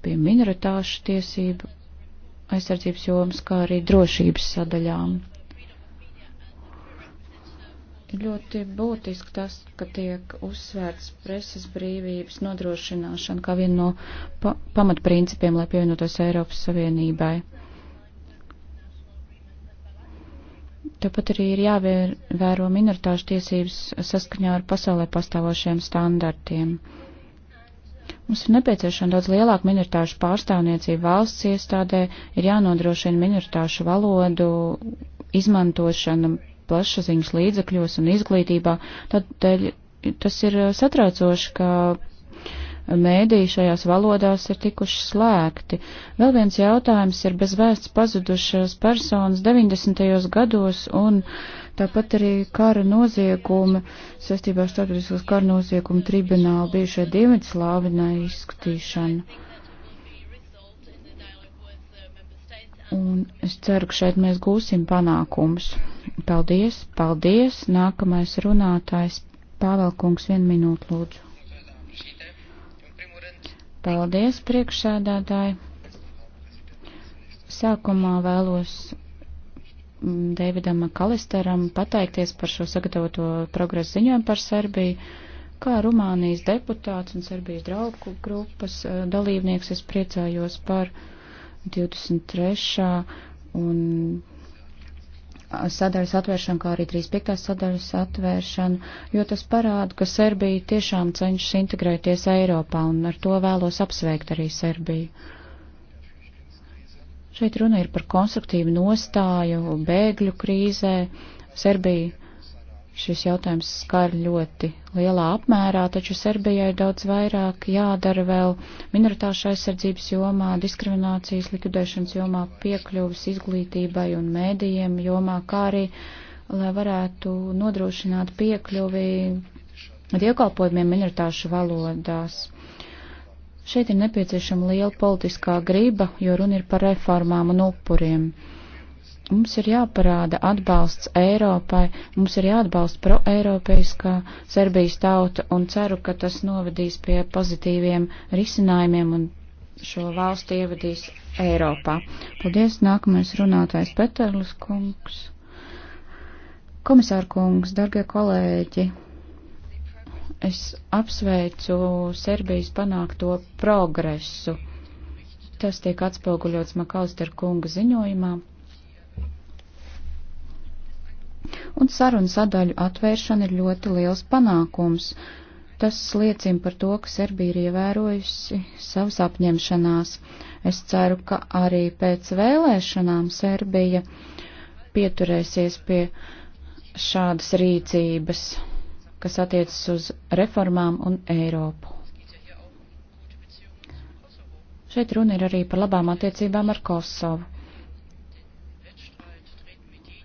pie minoritāšu tiesību aizsardzības jomas, kā arī drošības sadaļām. Ļoti būtiski tas, ka tiek uzsvērts preses brīvības nodrošināšana kā viena no pa pamatprincipiem, lai pievienotos Eiropas Savienībai. Tāpat arī ir jāvēro minoritāšu tiesības saskaņā ar pasaulē pastāvošiem standartiem. Mums ir nepieciešama daudz lielāka minoritāšu pārstāvniecība valsts iestādē, ir jānodrošina minoritāšu valodu izmantošana plašsaziņas līdzakļos un izglītībā, tad tas ir uh, satraucoši, ka mēdīji šajās valodās ir tikuši slēgti. Vēl viens jautājums ir bez vēsts pazudušas personas 90. gados un tāpat arī kara noziegumi, saistībā ar starptautiskos kara noziegumu tribunālu bijušie Dienvidslāvinai izskatīšana. Un es ceru, ka šeit mēs gūsim panākumus. Paldies, paldies. Nākamais runātājs Pāvelkungs, vienu minūtu lūdzu. Paldies, priekšsēdētāji. Sākumā vēlos mm, Davidam Kalisteram pateikties par šo sagatavoto progresu ziņojumu par Serbiju. Kā Rumānijas deputāts un Serbijas draugu grupas eh, dalībnieks es priecājos par 23. un sadaļas atvēršanu, kā arī 35. sadaļas atvēršanu, jo tas parāda, ka Serbija tiešām cenšas integrēties Eiropā, un ar to vēlos apsveikt arī Serbiju. Šeit runa ir par konstruktīvu nostāju bēgļu krīzē. Serbija Šis jautājums skar ļoti lielā apmērā, taču Serbijai ir daudz vairāk jādara vēl minoritāšu aizsardzības jomā, diskriminācijas likvidēšanas jomā, piekļuvas izglītībai un mēdījiem jomā, kā arī, lai varētu nodrošināt piekļuvi dievkalpojumiem minoritāšu valodās. Šeit ir nepieciešama liela politiskā grība, jo runa ir par reformām un upuriem. Mums ir jāparāda atbalsts Eiropai, mums ir jāatbalsta proeiropeiskā Serbijas tauta un ceru, ka tas novedīs pie pozitīviem risinājumiem un šo valstu ievadīs Eiropā. Paldies, nākamais runātājs Peterlis kungs. Komisāra kungs, dargie kolēģi, es apsveicu Serbijas panākto progresu. Tas tiek atspoguļots Makauster kunga ziņojumā Un sarunu sadaļu atvēršana ir ļoti liels panākums. Tas liecina par to, ka Serbija ir ievērojusi savas apņemšanās. Es ceru, ka arī pēc vēlēšanām Serbija pieturēsies pie šādas rīcības, kas attiecas uz reformām un Eiropu. Šeit runa ir arī par labām attiecībām ar Kosovu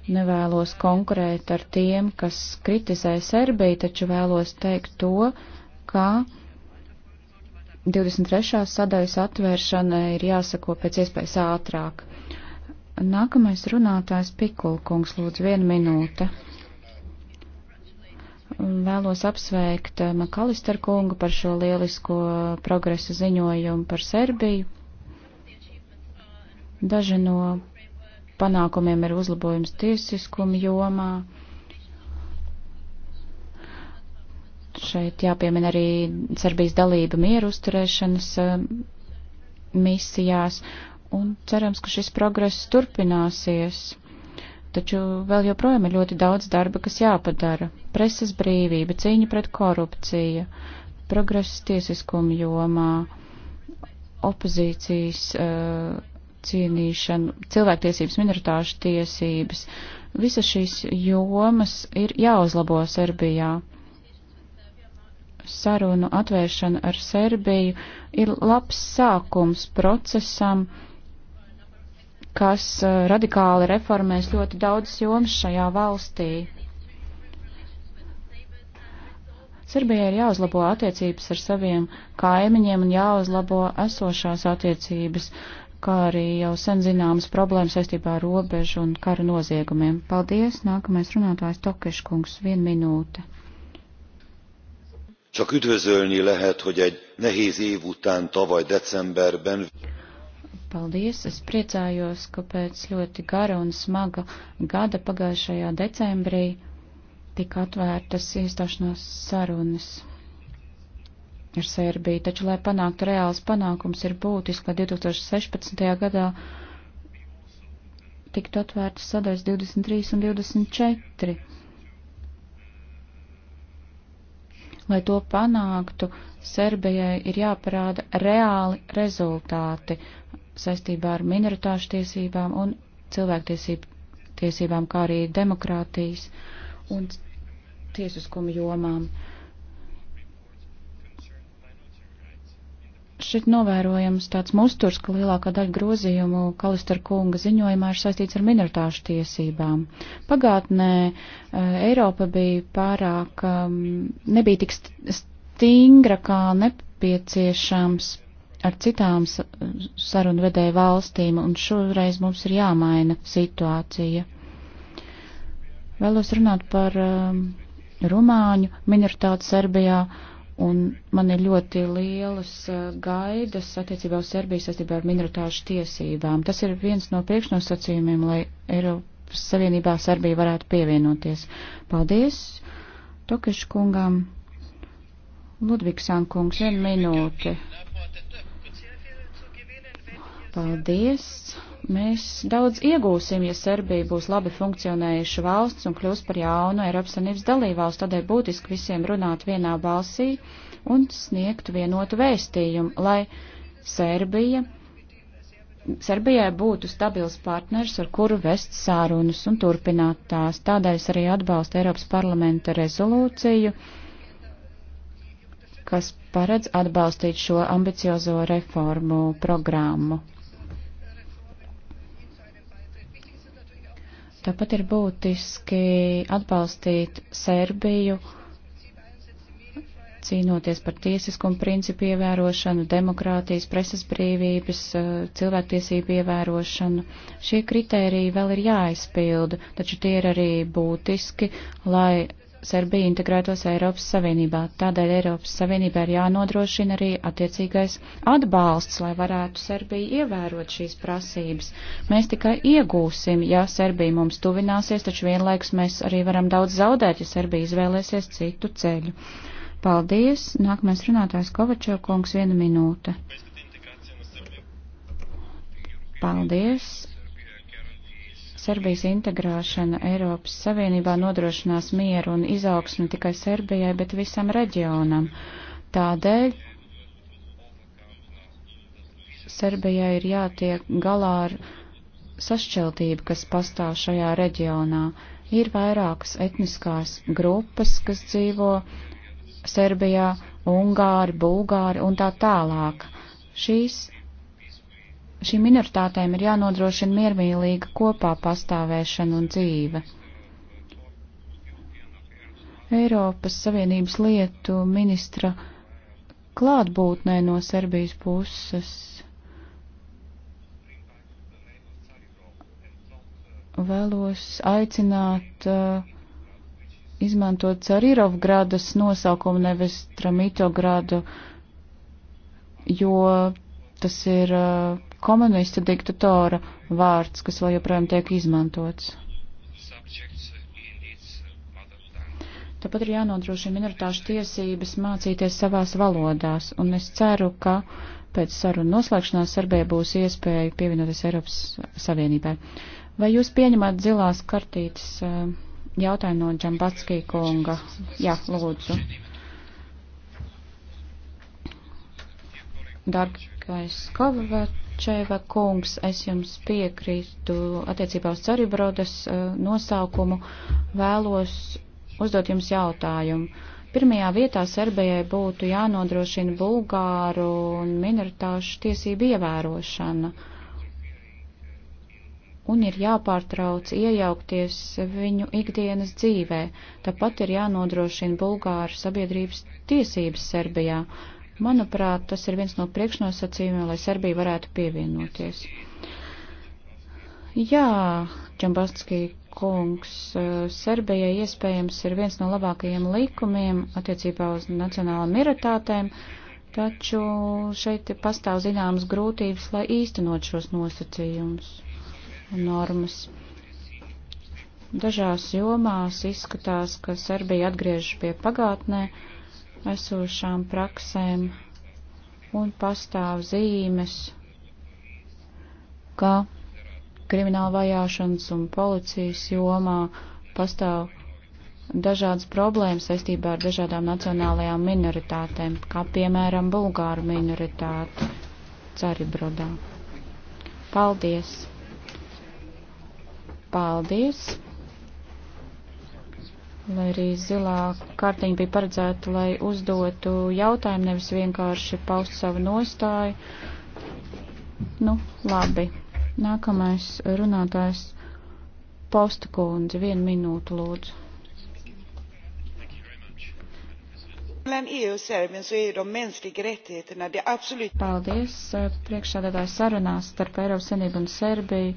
nevēlos konkurēt ar tiem, kas kritizē Serbiju, taču vēlos teikt to, ka 23. sadaļas atvēršana ir jāsako pēc iespējas ātrāk. Nākamais runātājs Pikulkungs, lūdzu, viena minūte. Vēlos apsveikt Makalister kungu par šo lielisko progresa ziņojumu par Serbiju. Daži no panākumiem ir uzlabojums tiesiskuma jomā. Šeit jāpiemin arī Serbijas dalība mieru uzturēšanas eh, misijās, un cerams, ka šis progress turpināsies. Taču vēl joprojām ir ļoti daudz darba, kas jāpadara. Preses brīvība, cīņa pret korupciju, progress tiesiskuma jomā, opozīcijas uh, cienīšanu, cilvēktiesības, minoritāšu tiesības. Visas šīs jomas ir jāuzlabo Serbijā. Sarunu atvēršana ar Serbiju ir labs sākums procesam, kas eh, radikāli reformēs ļoti daudz jomas šajā valstī. Serbijai ir jāuzlabo attiecības ar saviem kaimiņiem un jāuzlabo esošās attiecības kā arī jau sen zināmas problēmas saistībā ar robežu un kara noziegumiem. Paldies! Nākamais runātājs Tokeškungs, viena minūte. Csak üdvözölni lehet, hogy egy nehéz év után tavaly decemberben. Paldies! Es priecājos, ka pēc ļoti gara un smaga gada pagājušajā decembrī tika atvērtas iestāšanās sarunas ar Serbiju, taču, lai panāktu reāls panākums, ir būtiski, lai 2016. gadā tiktu atvērtas sadaļas 23 un 24. Lai to panāktu, Serbijai ir jāparāda reāli rezultāti saistībā ar minoritāšu tiesībām un cilvēktiesību tiesībām, kā arī demokrātijas un tiesiskumu jomām. šeit novērojams tāds musturs, ka lielākā daļa grozījumu Kalistra kunga ziņojumā ir saistīts ar minoritāšu tiesībām. Pagātnē e, Eiropa bija pārāk, nebija tik stingra, kā nepieciešams ar citām sarunvedēju valstīm, un šoreiz mums ir jāmaina situācija. Vēlos runāt par um, rumāņu minoritāti Serbijā Un man ir ļoti lielas gaidas attiecībā uz Serbiju saistībā ar minoritāšu tiesībām. Tas ir viens no priekšnosacījumiem, lai Eiropas Savienībā Serbija varētu pievienoties. Paldies Tokešu kungam. Ludvigsān kungs, viena minūte. Paldies. Mēs daudz iegūsim, ja Serbija būs labi funkcionējuša valsts un kļūs par jaunu Eiropas Savienības dalībvalstu, tādēļ būtiski visiem runāt vienā balsī un sniegt vienotu vēstījumu, lai Serbija, Serbijai būtu stabils partners, ar kuru vest sārunas un turpināt tās. Tādēļ es arī atbalstu Eiropas parlamenta rezolūciju, kas paredz atbalstīt šo ambiciozo reformu programmu. Tāpat ir būtiski atbalstīt Serbiju, cīnoties par tiesiskumu principu ievērošanu, demokrātijas, presas brīvības, eh, cilvēktiesību ievērošanu. Šie kritēriji vēl ir jāizpilda, taču tie ir arī būtiski, lai Serbija integrētos Eiropas Savienībā. Tādēļ Eiropas Savienībā ir jānodrošina arī attiecīgais atbalsts, lai varētu Serbija ievērot šīs prasības. Mēs tikai iegūsim, ja Serbija mums tuvināsies, taču vienlaiks mēs arī varam daudz zaudēt, ja Serbija izvēlēsies citu ceļu. Paldies! Nākamais runātājs Kovačev kungs, viena minūte. Paldies! Serbijas integrāšana Eiropas Savienībā nodrošinās mieru un izaugsmi tikai Serbijai, bet visam reģionam. Tādēļ Serbijai ir jātiek galā ar sašķeltību, kas pastāv šajā reģionā. Ir vairākas etniskās grupas, kas dzīvo Serbijā, Ungāri, Bulgāri un tā tālāk. Šīs šīm minoritātēm ir jānodrošina miermīlīga kopā pastāvēšana un dzīve. Eiropas Savienības lietu ministra klātbūtnē no Serbijas puses vēlos aicināt uh, izmantot Carirovgradas nosaukumu nevis Tramitogradu, jo tas ir uh, komunista diktatora vārds, kas vēl joprojām tiek izmantots. Tāpat ir jānodrošina minoritāšu tiesības mācīties savās valodās, un es ceru, ka pēc sarunu noslēgšanās Serbijai būs iespēja pievienoties Eiropas Savienībai. Vai jūs pieņemat zilās kartītes eh, jautājumu no Džambatskī kunga? Jā, lūdzu. Dargais Kovac Kovačeva kungs, es jums piekrītu attiecībā uz Caribrodas eh, nosaukumu, vēlos uzdot jums jautājumu. Pirmajā vietā Serbijai būtu jānodrošina bulgāru un minoritāšu tiesību ievērošana un ir jāpārtrauc iejaukties viņu ikdienas dzīvē. Tāpat ir jānodrošina bulgāru sabiedrības tiesības Serbijā. Manuprāt, tas ir viens no priekšnosacījumiem, lai Serbija varētu pievienoties. Jā, Čambastskī kungs, eh, Serbijai iespējams ir viens no labākajiem likumiem attiecībā uz nacionālām minoritātēm, taču šeit pastāv zināmas grūtības, lai īstenot šos nosacījumus un normas. Dažās jomās izskatās, ka Serbija atgriežas pie pagātnē esošām praksēm un pastāv zīmes, ka krimināla vajāšanas un policijas jomā pastāv dažādas problēmas saistībā ar dažādām nacionālajām minoritātēm, kā piemēram bulgāru minoritāti Caribrodā. Paldies! Paldies! lai arī zilā kartiņa bija paredzēta, lai uzdotu jautājumu, nevis vienkārši paust savu nostāju. Nu, labi. Nākamais runātājs Pausta kundze, vienu minūtu lūdzu. E Paldies, eh, priekšādātājs sarunās starp Eiropas Savienību un Serbiju.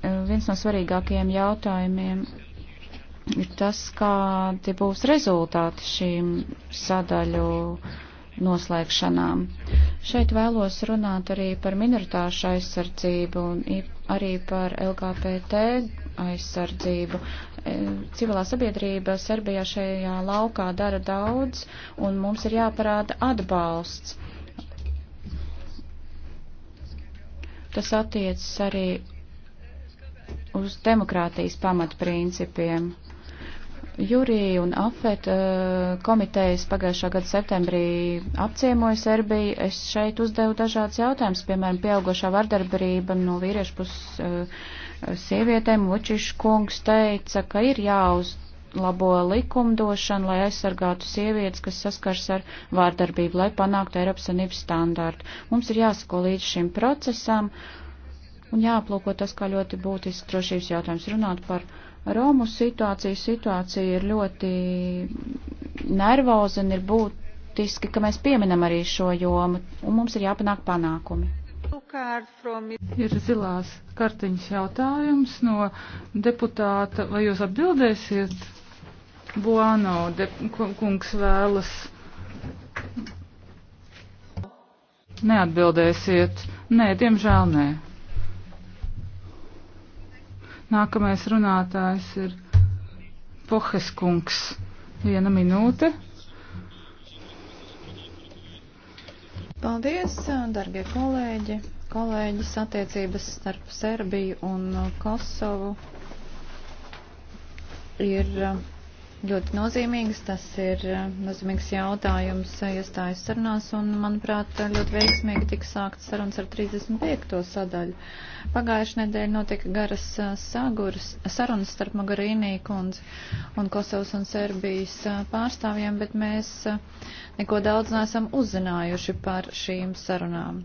Eh, viens no svarīgākajiem jautājumiem ir tas, kādi būs rezultāti šīm sadaļu noslēgšanām. Šeit vēlos runāt arī par minoritāšu aizsardzību un arī par LGBT aizsardzību. E, civilā sabiedrība Serbijā šajā laukā dara daudz un mums ir jāparāda atbalsts. Tas attiecas arī uz demokrātijas pamatprincipiem. Jurija un Afet eh, komitejas pagājušā gada septembrī apciemoja Serbiju. Es šeit uzdevu dažādas jautājumas, piemēram, pieaugušā vardarbarība no vīriešu puses eh, sievietēm. Vučiš kungs teica, ka ir jāuzlabo likumdošana, lai aizsargātu sievietes, kas saskars ar vārdarbību, lai panāktu Eiropas Sanības standārtu. Mums ir jāsako līdz šim procesam un jāaplūko tas kā ļoti būtisks drošības jautājums runāt par Romu situācija, situācija ir ļoti nervoza un ir būtiski, ka mēs pieminam arī šo jomu, un mums ir jāpanāk panākumi. Ir zilās kartiņas jautājums no deputāta, vai jūs atbildēsiet? Buano de, kungs vēlas. Neatbildēsiet. Nē, diemžēl nē. Nākamais runātājs ir Pohes kungs. Viena minūte. Paldies, darbie kolēģi. Kolēģis attiecības starp Serbiju un Kosovu ir ļoti nozīmīgas. Tas ir eh, nozīmīgs jautājums iestājas sarunās un, manuprāt, ļoti veiksmīgi tika sākt sarunas ar 35. sadaļu. Pagājušajā nedēļā notika garas eh, saguras, sarunas starp Mogarīnī kundzi un Kosovas un Serbijas eh, pārstāvjiem, bet mēs neko daudz neesam uzzinājuši par šīm sarunām.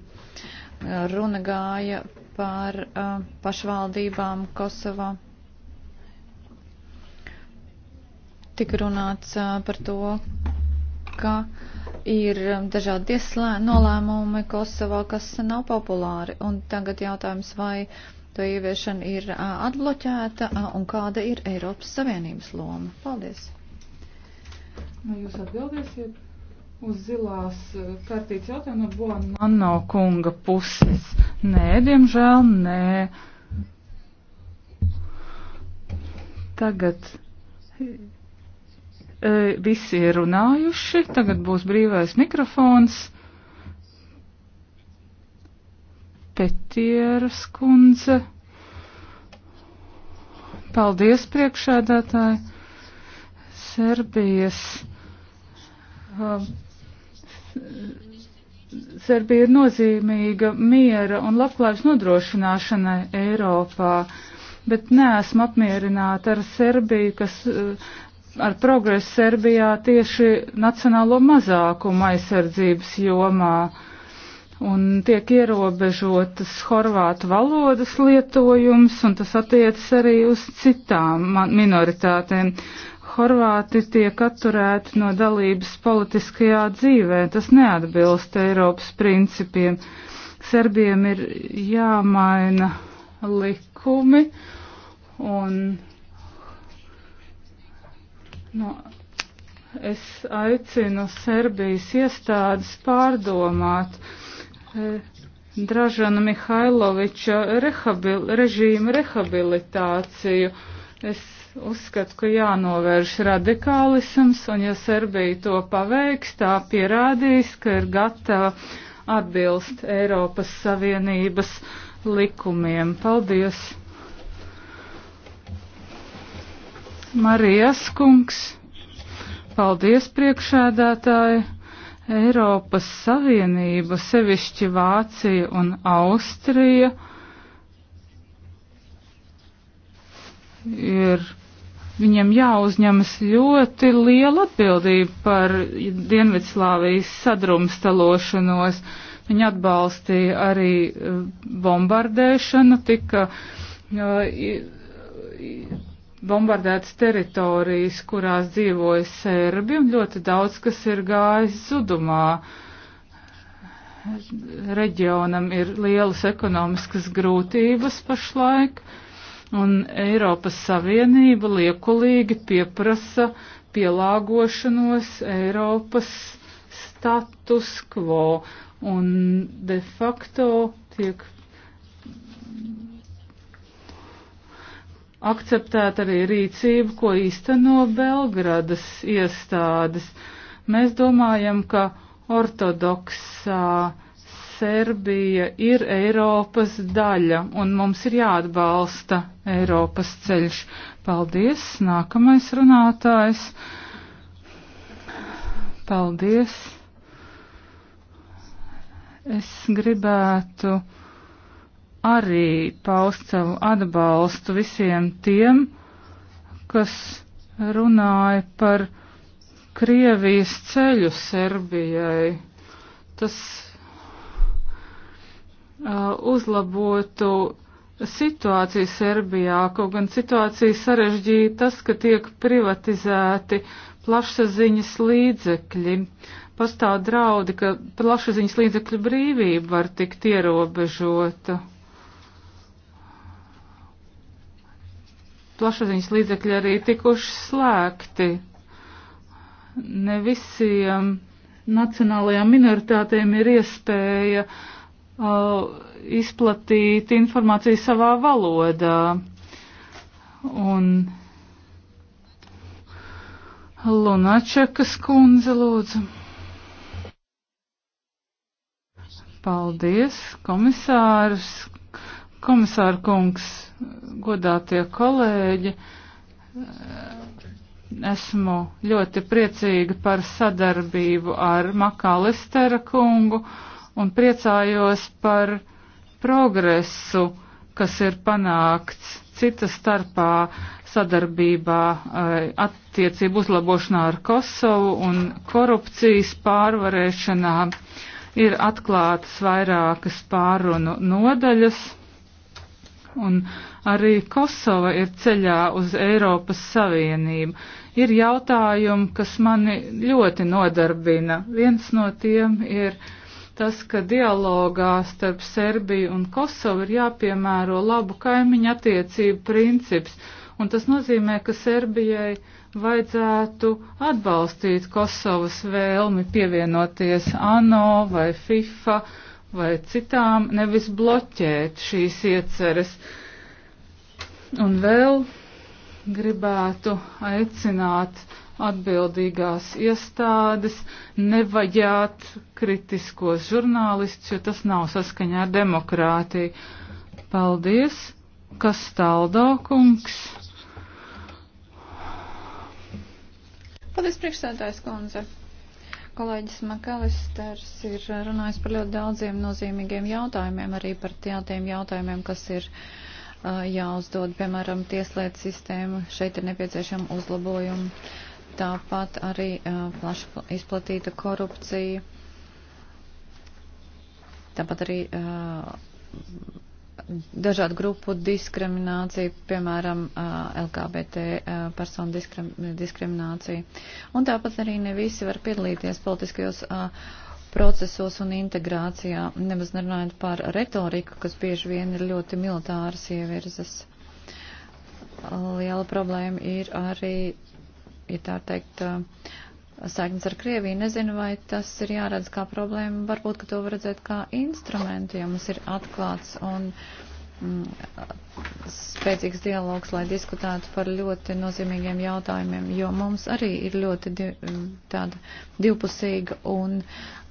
Runa gāja par uh, pašvaldībām Kosovā tika runāts par to, ka ir dažādi nolēmumi Kosovā, kas nav populāri. Un tagad jautājums, vai to ieviešana ir atbloķēta un kāda ir Eiropas Savienības loma? Paldies! Vai nu, jūs atbildēsiet uz zilās kartītes jautājumu no Bonanno kunga puses? Nē, diemžēl, nē. Tagad Visi ir runājuši, tagad būs brīvais mikrofons. Petieras kundze. Paldies priekšēdētāji. Serbijas. Uh, Serbija ir nozīmīga miera un labklājības nodrošināšanai Eiropā, bet neesmu apmierināta ar Serbiju, kas uh, ar progresu Serbijā tieši nacionālo mazākumu aizsardzības jomā un tiek ierobežotas horvātu valodas lietojums, un tas attiecas arī uz citām minoritātēm. Horvāti tiek atturēti no dalības politiskajā dzīvē, tas neatbilst Eiropas principiem. Serbiem ir jāmaina likumi un Nu, es aicinu Serbijas iestādes pārdomāt e, Dražana Mihailoviča rehabil, režīmu rehabilitāciju. Es uzskatu, ka jānovērš radikālisms, un ja Serbija to paveiks, tā pierādīs, ka ir gatava atbilst Eiropas Savienības likumiem. Paldies! Marijas kungs. Paldies, priekšēdētāji! Eiropas Savienība, sevišķi Vācija un Austrija, ir viņiem jāuzņemas ļoti liela atbildība par Dienvidslāvijas sadrumstalošanos. Viņi atbalstīja arī eh, bombardēšanu, tika uh, bombardētas teritorijas, kurās dzīvoja sērbi, un ļoti daudz, kas ir gājis zudumā. Reģionam ir lielas ekonomiskas grūtības pašlaik, un Eiropas Savienība liekulīgi pieprasa pielāgošanos Eiropas status quo, un de facto tiek akceptēt arī rīcību, ko īsteno Belgradas iestādes. Mēs domājam, ka ortodoksā Serbija ir Eiropas daļa, un mums ir jāatbalsta Eiropas ceļš. Paldies! Nākamais runātājs. Paldies! Es gribētu arī paust savu atbalstu visiem tiem, kas runāja par Krievijas ceļu Serbijai. Tas uh, uzlabotu situāciju Serbijā, kaut gan situācija sarežģīja tas, ka tiek privatizēti plašsaziņas līdzekļi. Pastāv draudi, ka plašsaziņas līdzekļu brīvība var tikt ierobežota. plašsaziņas līdzekļi arī tikuši slēgti. Ne visiem nacionālajām minoritātēm ir iespēja uh, izplatīt informāciju savā valodā. Un Lunačekas kundze lūdzu. Paldies, komisārs Komisāra kungs, godātie kolēģi, esmu ļoti priecīga par sadarbību ar Makalistera kungu un priecājos par progresu, kas ir panākts cita starpā sadarbībā eh, attiecību uzlabošanā ar Kosovu un korupcijas pārvarēšanā. Ir atklātas vairākas pārunu nodaļas un arī Kosova ir ceļā uz Eiropas Savienību. Ir jautājumi, kas mani ļoti nodarbina. Viens no tiem ir tas, ka dialogā starp Serbiju un Kosovu ir jāpiemēro labu kaimiņu attiecību princips, un tas nozīmē, ka Serbijai vajadzētu atbalstīt Kosovas vēlmi pievienoties ANO vai FIFA vai citām, nevis bloķēt šīs ieceres. Un vēl gribētu aicināt atbildīgās iestādes nevajāt kritiskos žurnālistus, jo tas nav saskaņā ar demokrātiju. Paldies, kas taldokungs. Paldies, priekšsēdājs Konze. Kolēģis Makalisters ir runājis par ļoti daudziem nozīmīgiem jautājumiem, arī par tādiem jautājumiem, kas ir jāuzdod, piemēram, tieslietu sistēmu. Šeit ir nepieciešama uzlabojuma. Tāpat arī plaši izplatīta korupcija. Tāpat arī uh, dažādu grupu diskrimināciju, piemēram, LGBT personu diskrimināciju. Un tāpat arī ne visi var piedalīties politiskajos procesos un integrācijā, nemaz nerunājot par retoriku, kas bieži vien ir ļoti militāras ievirzes. Liela problēma ir arī, ja tā teikt, uh, saiknes ar Krieviju. Nezinu, vai tas ir jāredz kā problēma. Varbūt, ka to var redzēt kā instrumentu, ja mums ir atklāts un mm, spēcīgs dialogs, lai diskutētu par ļoti nozīmīgiem jautājumiem, jo mums arī ir ļoti di mm, tāda divpusīga un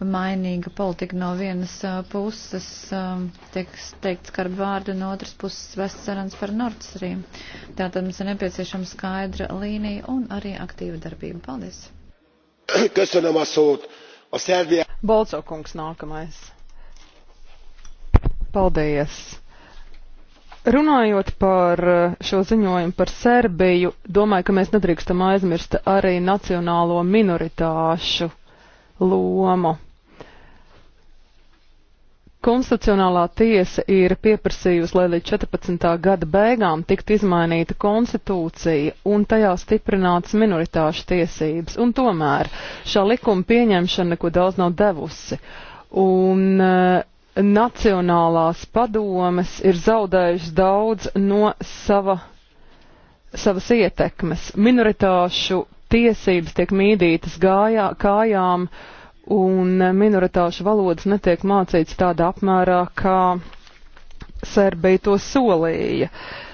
mainīga politika no vienas puses, tiek teikt skarbi vārdi, no otras puses vest sarunas par Nord Stream. Tātad mums ir nepieciešama skaidra līnija un arī aktīva darbība. Paldies! a szerbiában. balco kungs nākamais. Paldies. Runājot par uh, šo ziņojumu par Serbiju, domāju, ka mēs nedrīkstam aizmirst arī nacionālo minoritāšu lomu. Konstitucionālā tiesa ir pieprasījusi, lai līdz 14. gada beigām tiktu izmainīta konstitūcija un tajā stiprināts minoritāšu tiesības, un tomēr šā likuma pieņemšana neko daudz nav devusi. Un uh, nacionālās padomes ir zaudējušas daudz no sava, savas ietekmes. Minoritāšu tiesības tiek mīdītas gājā, kājām. Uh, un minoritāšu valodas netiek mācīts tādā apmērā, kā Serbija to solīja.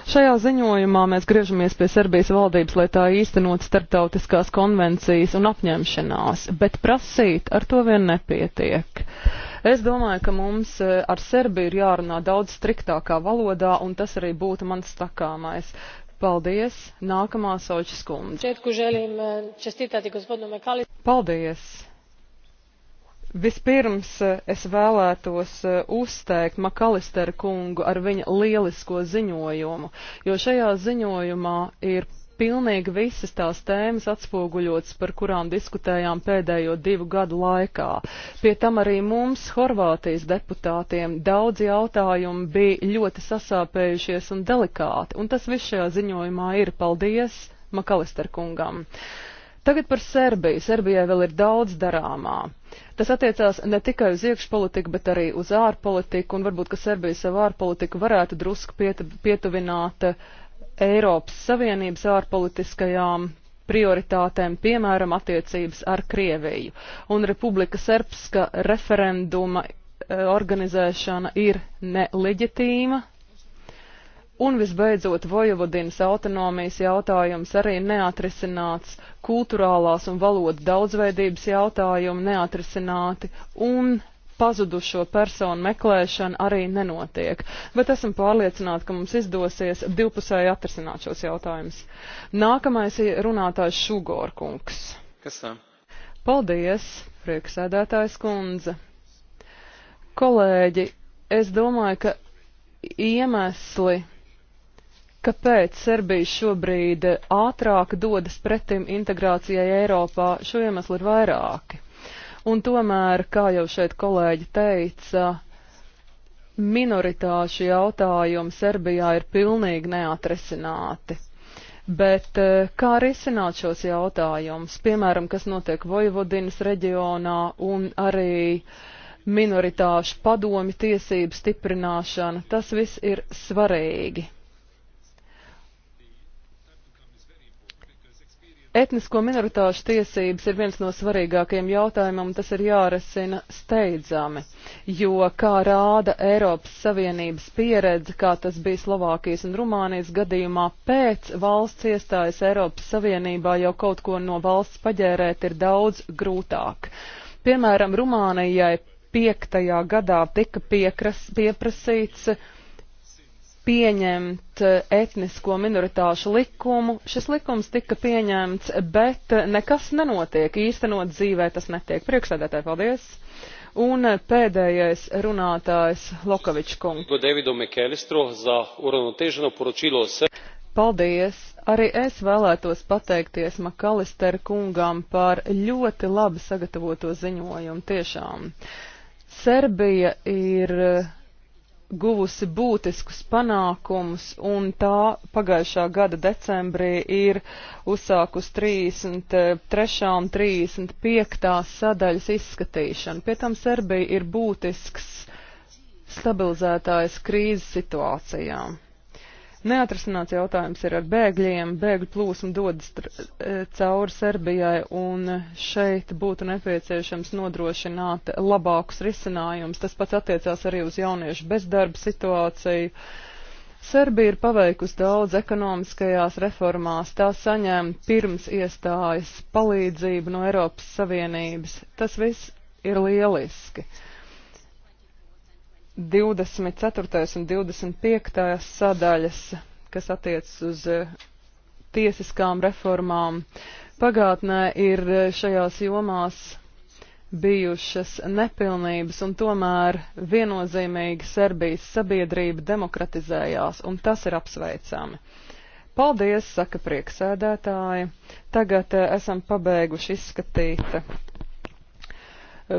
Šajā ziņojumā mēs griežamies pie Serbijas valdības, lai tā īstenot starptautiskās konvencijas un apņemšanās, bet prasīt ar to vien nepietiek. Es domāju, ka mums eh, ar Serbiju ir jārunā daudz striktākā valodā, un tas arī būtu mans sakāmais. Paldies, nākamā Soča skundze. Eh, Paldies. Vispirms eh, es vēlētos eh, uzteikt Makalisteru kungu ar viņa lielisko ziņojumu, jo šajā ziņojumā ir pilnīgi visas tās tēmas atspoguļotas, par kurām diskutējām pēdējo divu gadu laikā. Pie tam arī mums, Horvātijas deputātiem, daudz jautājumu bija ļoti sasāpējušies un delikāti, un tas viss šajā ziņojumā ir. Paldies Makalister kungam! Uh, Tagad par Serbiju. Serbijai vēl ir daudz darāmā. Tas attiecās ne tikai uz iekšpolitiku, bet arī uz ārpolitiku, un varbūt, ka Serbija savu ārpolitiku varētu drusku pietuvināt Eiropas Savienības ārpolitiskajām prioritātēm, piemēram, attiecības ar Krieviju. Un Republika Serbska referenduma eh, organizēšana ir neleģitīma, Un visbeidzot, Vojavodinas autonomijas jautājums arī neatrisināts, kultūrālās un valodu daudzveidības jautājumi neatrisināti, un pazudušo personu meklēšana arī nenotiek. Bet esam pārliecināti, ka mums izdosies divpusēji atrisināt šos jautājumus. Nākamais ir runātājs Šugorkungs. Kas tā? Paldies, prieksēdētājs kundze. Kolēģi, es domāju, ka iemesli Kāpēc Serbija šobrīd ātrāk dodas pretim integrācijai Eiropā? Šo iemeslu ir vairāki. Un tomēr, kā jau šeit kolēģi teica, minoritāšu jautājumi Serbijā ir pilnīgi neatresināti. Bet eh, kā risināt šos jautājumus, piemēram, kas notiek Vojvodinas reģionā un arī minoritāšu padomi tiesību stiprināšana, tas viss ir svarīgi. Etnisko minoritāšu tiesības ir viens no svarīgākajiem jautājumiem, un tas ir jārisina steidzami, jo, kā rāda Eiropas Savienības pieredze, kā tas bija Slovākijas un Rumānijas gadījumā, pēc valsts iestājas Eiropas Savienībā jau kaut ko no valsts paģērēt ir daudz grūtāk. Piemēram, Rumānijai piektajā gadā tika piekras, pieprasīts pieņemt eh, etnisko minoritāšu likumu. Šis likums tika pieņemts, bet eh, nekas nenotiek. Īstenot dzīvē tas netiek. Priekšsēdētāji, paldies! Un eh, pēdējais runātājs Lokavičs kungs. Paldies! Arī es vēlētos pateikties Makalister kungam par ļoti labi sagatavoto ziņojumu tiešām. Serbija ir guvusi būtiskus panākumus, un tā pagājušā gada decembrī ir uzsākus 33. un 35. sadaļas izskatīšanu. Pie tam Serbija ir būtisks stabilizētājs krīzes situācijām. Neatrisināts jautājums ir ar bēgļiem. Bēgļu plūsma dodas e, cauri Serbijai, un šeit būtu nepieciešams nodrošināt labākus risinājumus. Tas pats attiecās arī uz jauniešu bezdarba situāciju. Serbija ir paveikusi daudz ekonomiskajās reformās, tā saņēma pirms iestājas palīdzību no Eiropas Savienības. Tas viss ir lieliski. Uh, 24. un 25. sadaļas, kas attiecas uz eh, tiesiskām reformām. Pagātnē ir eh, šajās jomās bijušas nepilnības, un tomēr viennozīmīgi Serbijas sabiedrība demokratizējās, un tas ir apsveicami. Paldies, saka prieksēdētāji. Tagad eh, esam pabeiguši izskatīt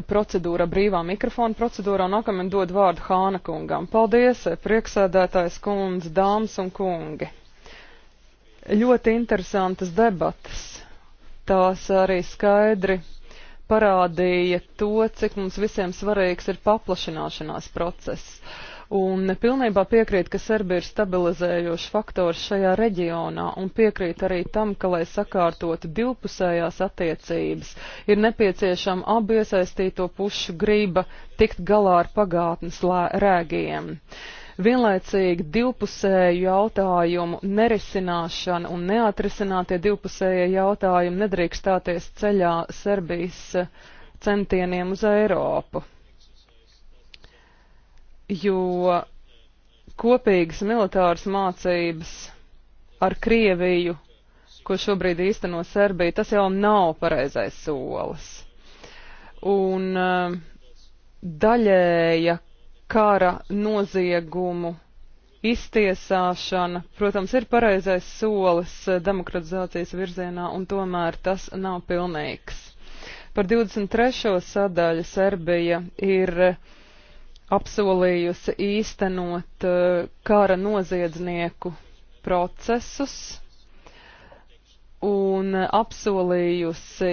procedūrā, brīvā mikrofona procedūrā, nākamajam dod vārdu Hāna kungam. Paldies, prieksēdētājs kundze, dāmas un kungi. Ļoti interesantas debatas. Tās arī skaidri parādīja to, cik mums visiem svarīgs ir paplašināšanās process. Un pilnībā piekrīt, ka Serbija ir stabilizējošs faktors šajā reģionā un piekrīt arī tam, ka, lai sakārtotu divpusējās attiecības, ir nepieciešama abu iesaistīto pušu grība tikt galā ar pagātnes rēgiem. Vienlaicīgi divpusēju jautājumu nerisināšana un neatrisinātie divpusējie jautājumi nedrīkst stāties ceļā Serbijas centieniem uz Eiropu jo kopīgas militāras mācības ar Krieviju, ko šobrīd īsteno Serbija, tas jau nav pareizais solis. Un um, daļēja kara noziegumu iztiesāšana, protams, ir pareizais solis demokratizācijas virzienā, un tomēr tas nav pilnīgs. Par 23. sadaļu Serbija ir apsolījusi īstenot eh, kara noziedznieku procesus un apsolījusi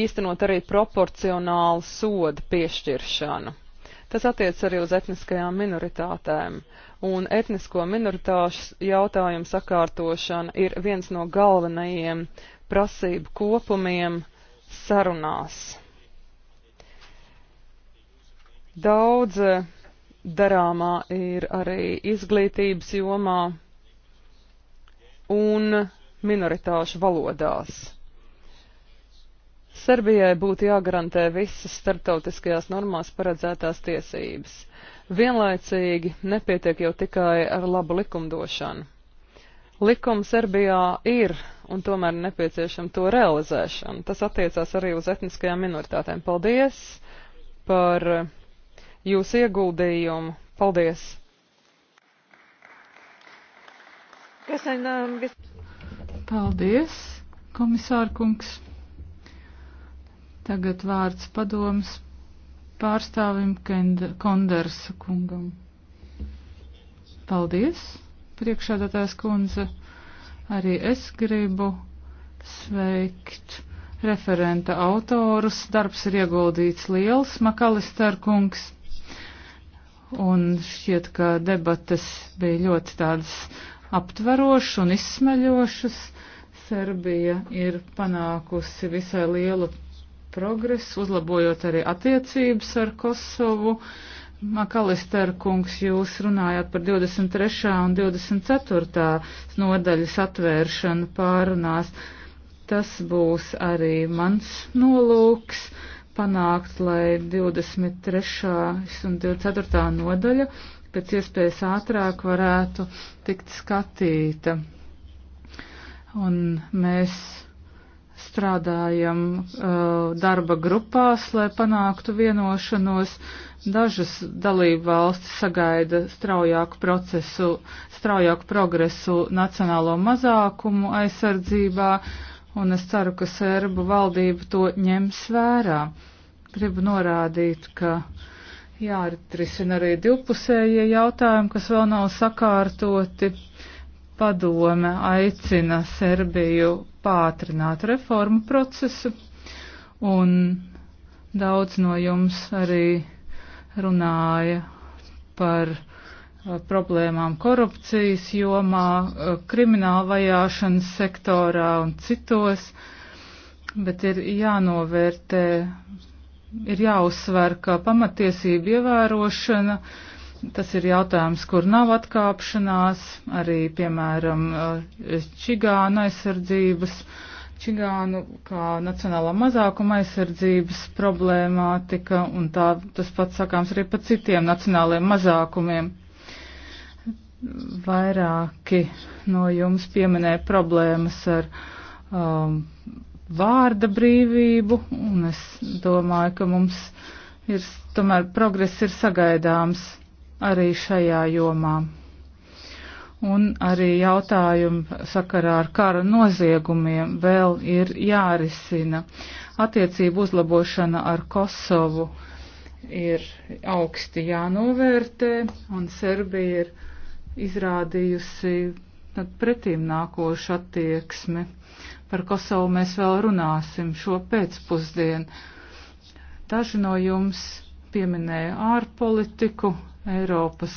īstenot arī proporcionālu sodu piešķiršanu. Tas attiec arī uz etniskajām minoritātēm, un etnisko minoritāšu jautājumu sakārtošana ir viens no galvenajiem prasību kopumiem sarunās. Daudz eh, darāmā ir arī izglītības jomā un minoritāšu valodās. Serbijai būtu jāgarantē visas starptautiskajās normās paredzētās tiesības. Vienlaicīgi nepietiek jau tikai ar labu likumdošanu. Likums Serbijā ir, un tomēr nepieciešama to realizēšana. Tas attiecās arī uz etniskajām minoritātēm. Paldies par jūsu ieguldījumu. Paldies! Paldies, komisārkungs! Tagad vārds padoms pārstāvim Kondersa kungam. Paldies, priekšādātājs kundze. Arī es gribu sveikt referenta autorus. Darbs ir ieguldīts liels, Makalister kungs un šķiet, ka debatas bija ļoti tādas aptverošas un izsmeļošas. Serbija ir panākusi visai lielu progresu, uzlabojot arī attiecības ar Kosovu. Makalister kungs, jūs runājāt par 23. un 24. nodaļas atvēršanu pārunās. Tas būs arī mans nolūks panākts, lai 23. un 24. nodaļa pēc iespējas ātrāk varētu tikt skatīta. Un mēs strādājam uh, darba grupās, lai panāktu vienošanos. Dažas dalību valstis sagaida straujāku procesu, straujāku progresu nacionālo mazākumu aizsardzībā, uh, un es ceru, ka serbu valdība to ņems vērā. Gribu norādīt, ka jāatrisina arī divpusējie jautājumi, kas vēl nav sakārtoti. Padome aicina Serbiju pātrināt reformu procesu, un daudz no jums arī runāja par Eh, problēmām korupcijas jomā, eh, krimināla vajāšanas sektorā un citos, bet ir jānovērtē, ir jāuzsver, ka pamatiesība ievērošana, tas ir jautājums, kur nav atkāpšanās, arī, piemēram, eh, čigāna aizsardzības, čigānu kā nacionālā mazākuma aizsardzības problēmātika, un tā tas pats sakāms arī par citiem nacionāliem mazākumiem Vairāki no jums pieminēja problēmas ar um, vārda brīvību, un es domāju, ka mums ir, tomēr progress ir sagaidāms arī šajā jomā. Un arī jautājumi sakarā ar kara noziegumiem vēl ir jārisina. Attiecību uzlabošana ar Kosovu ir augsti jānovērtē, un Serbija ir izrādījusi pretīm nākošu attieksmi. Par Kosovu mēs vēl runāsim šo pēcpusdienu. Daži no jums pieminēja ārpolitiku, Eiropas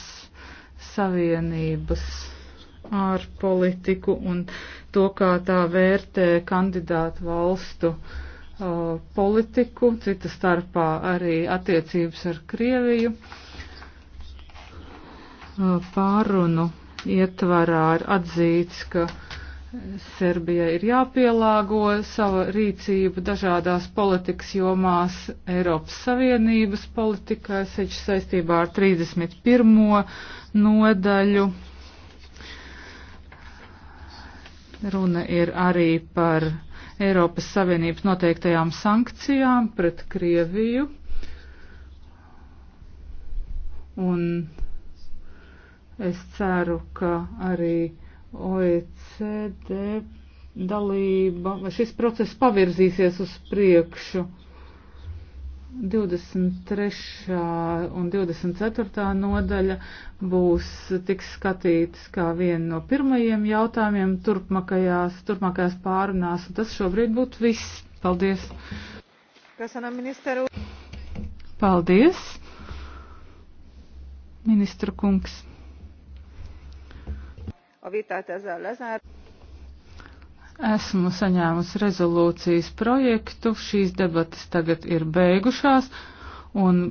Savienības ārpolitiku un to, kā tā vērtē kandidātu valstu uh, politiku, cita starpā arī attiecības ar Krieviju. Uh, pārunu ietvarā ir atzīts, ka Serbijai ir jāpielāgo sava rīcība dažādās politikas jomās Eiropas Savienības politikai, seči saistībā ar 31. nodaļu. Runa ir arī par Eiropas Savienības noteiktajām sankcijām pret Krieviju. Un Es ceru, ka arī OECD dalība, vai šis process pavirzīsies uz priekšu. 23. un 24. nodaļa būs tiks skatītas kā viena no pirmajiem jautājumiem turpmākajās, turpmākajās pārunās. Un tas šobrīd būtu viss. Paldies! Paldies! Ministru kungs! A vitāt ezzel lezárom. Esmu saņēmusi rezolūcijas projektu, šīs debatas tagad ir beigušās, un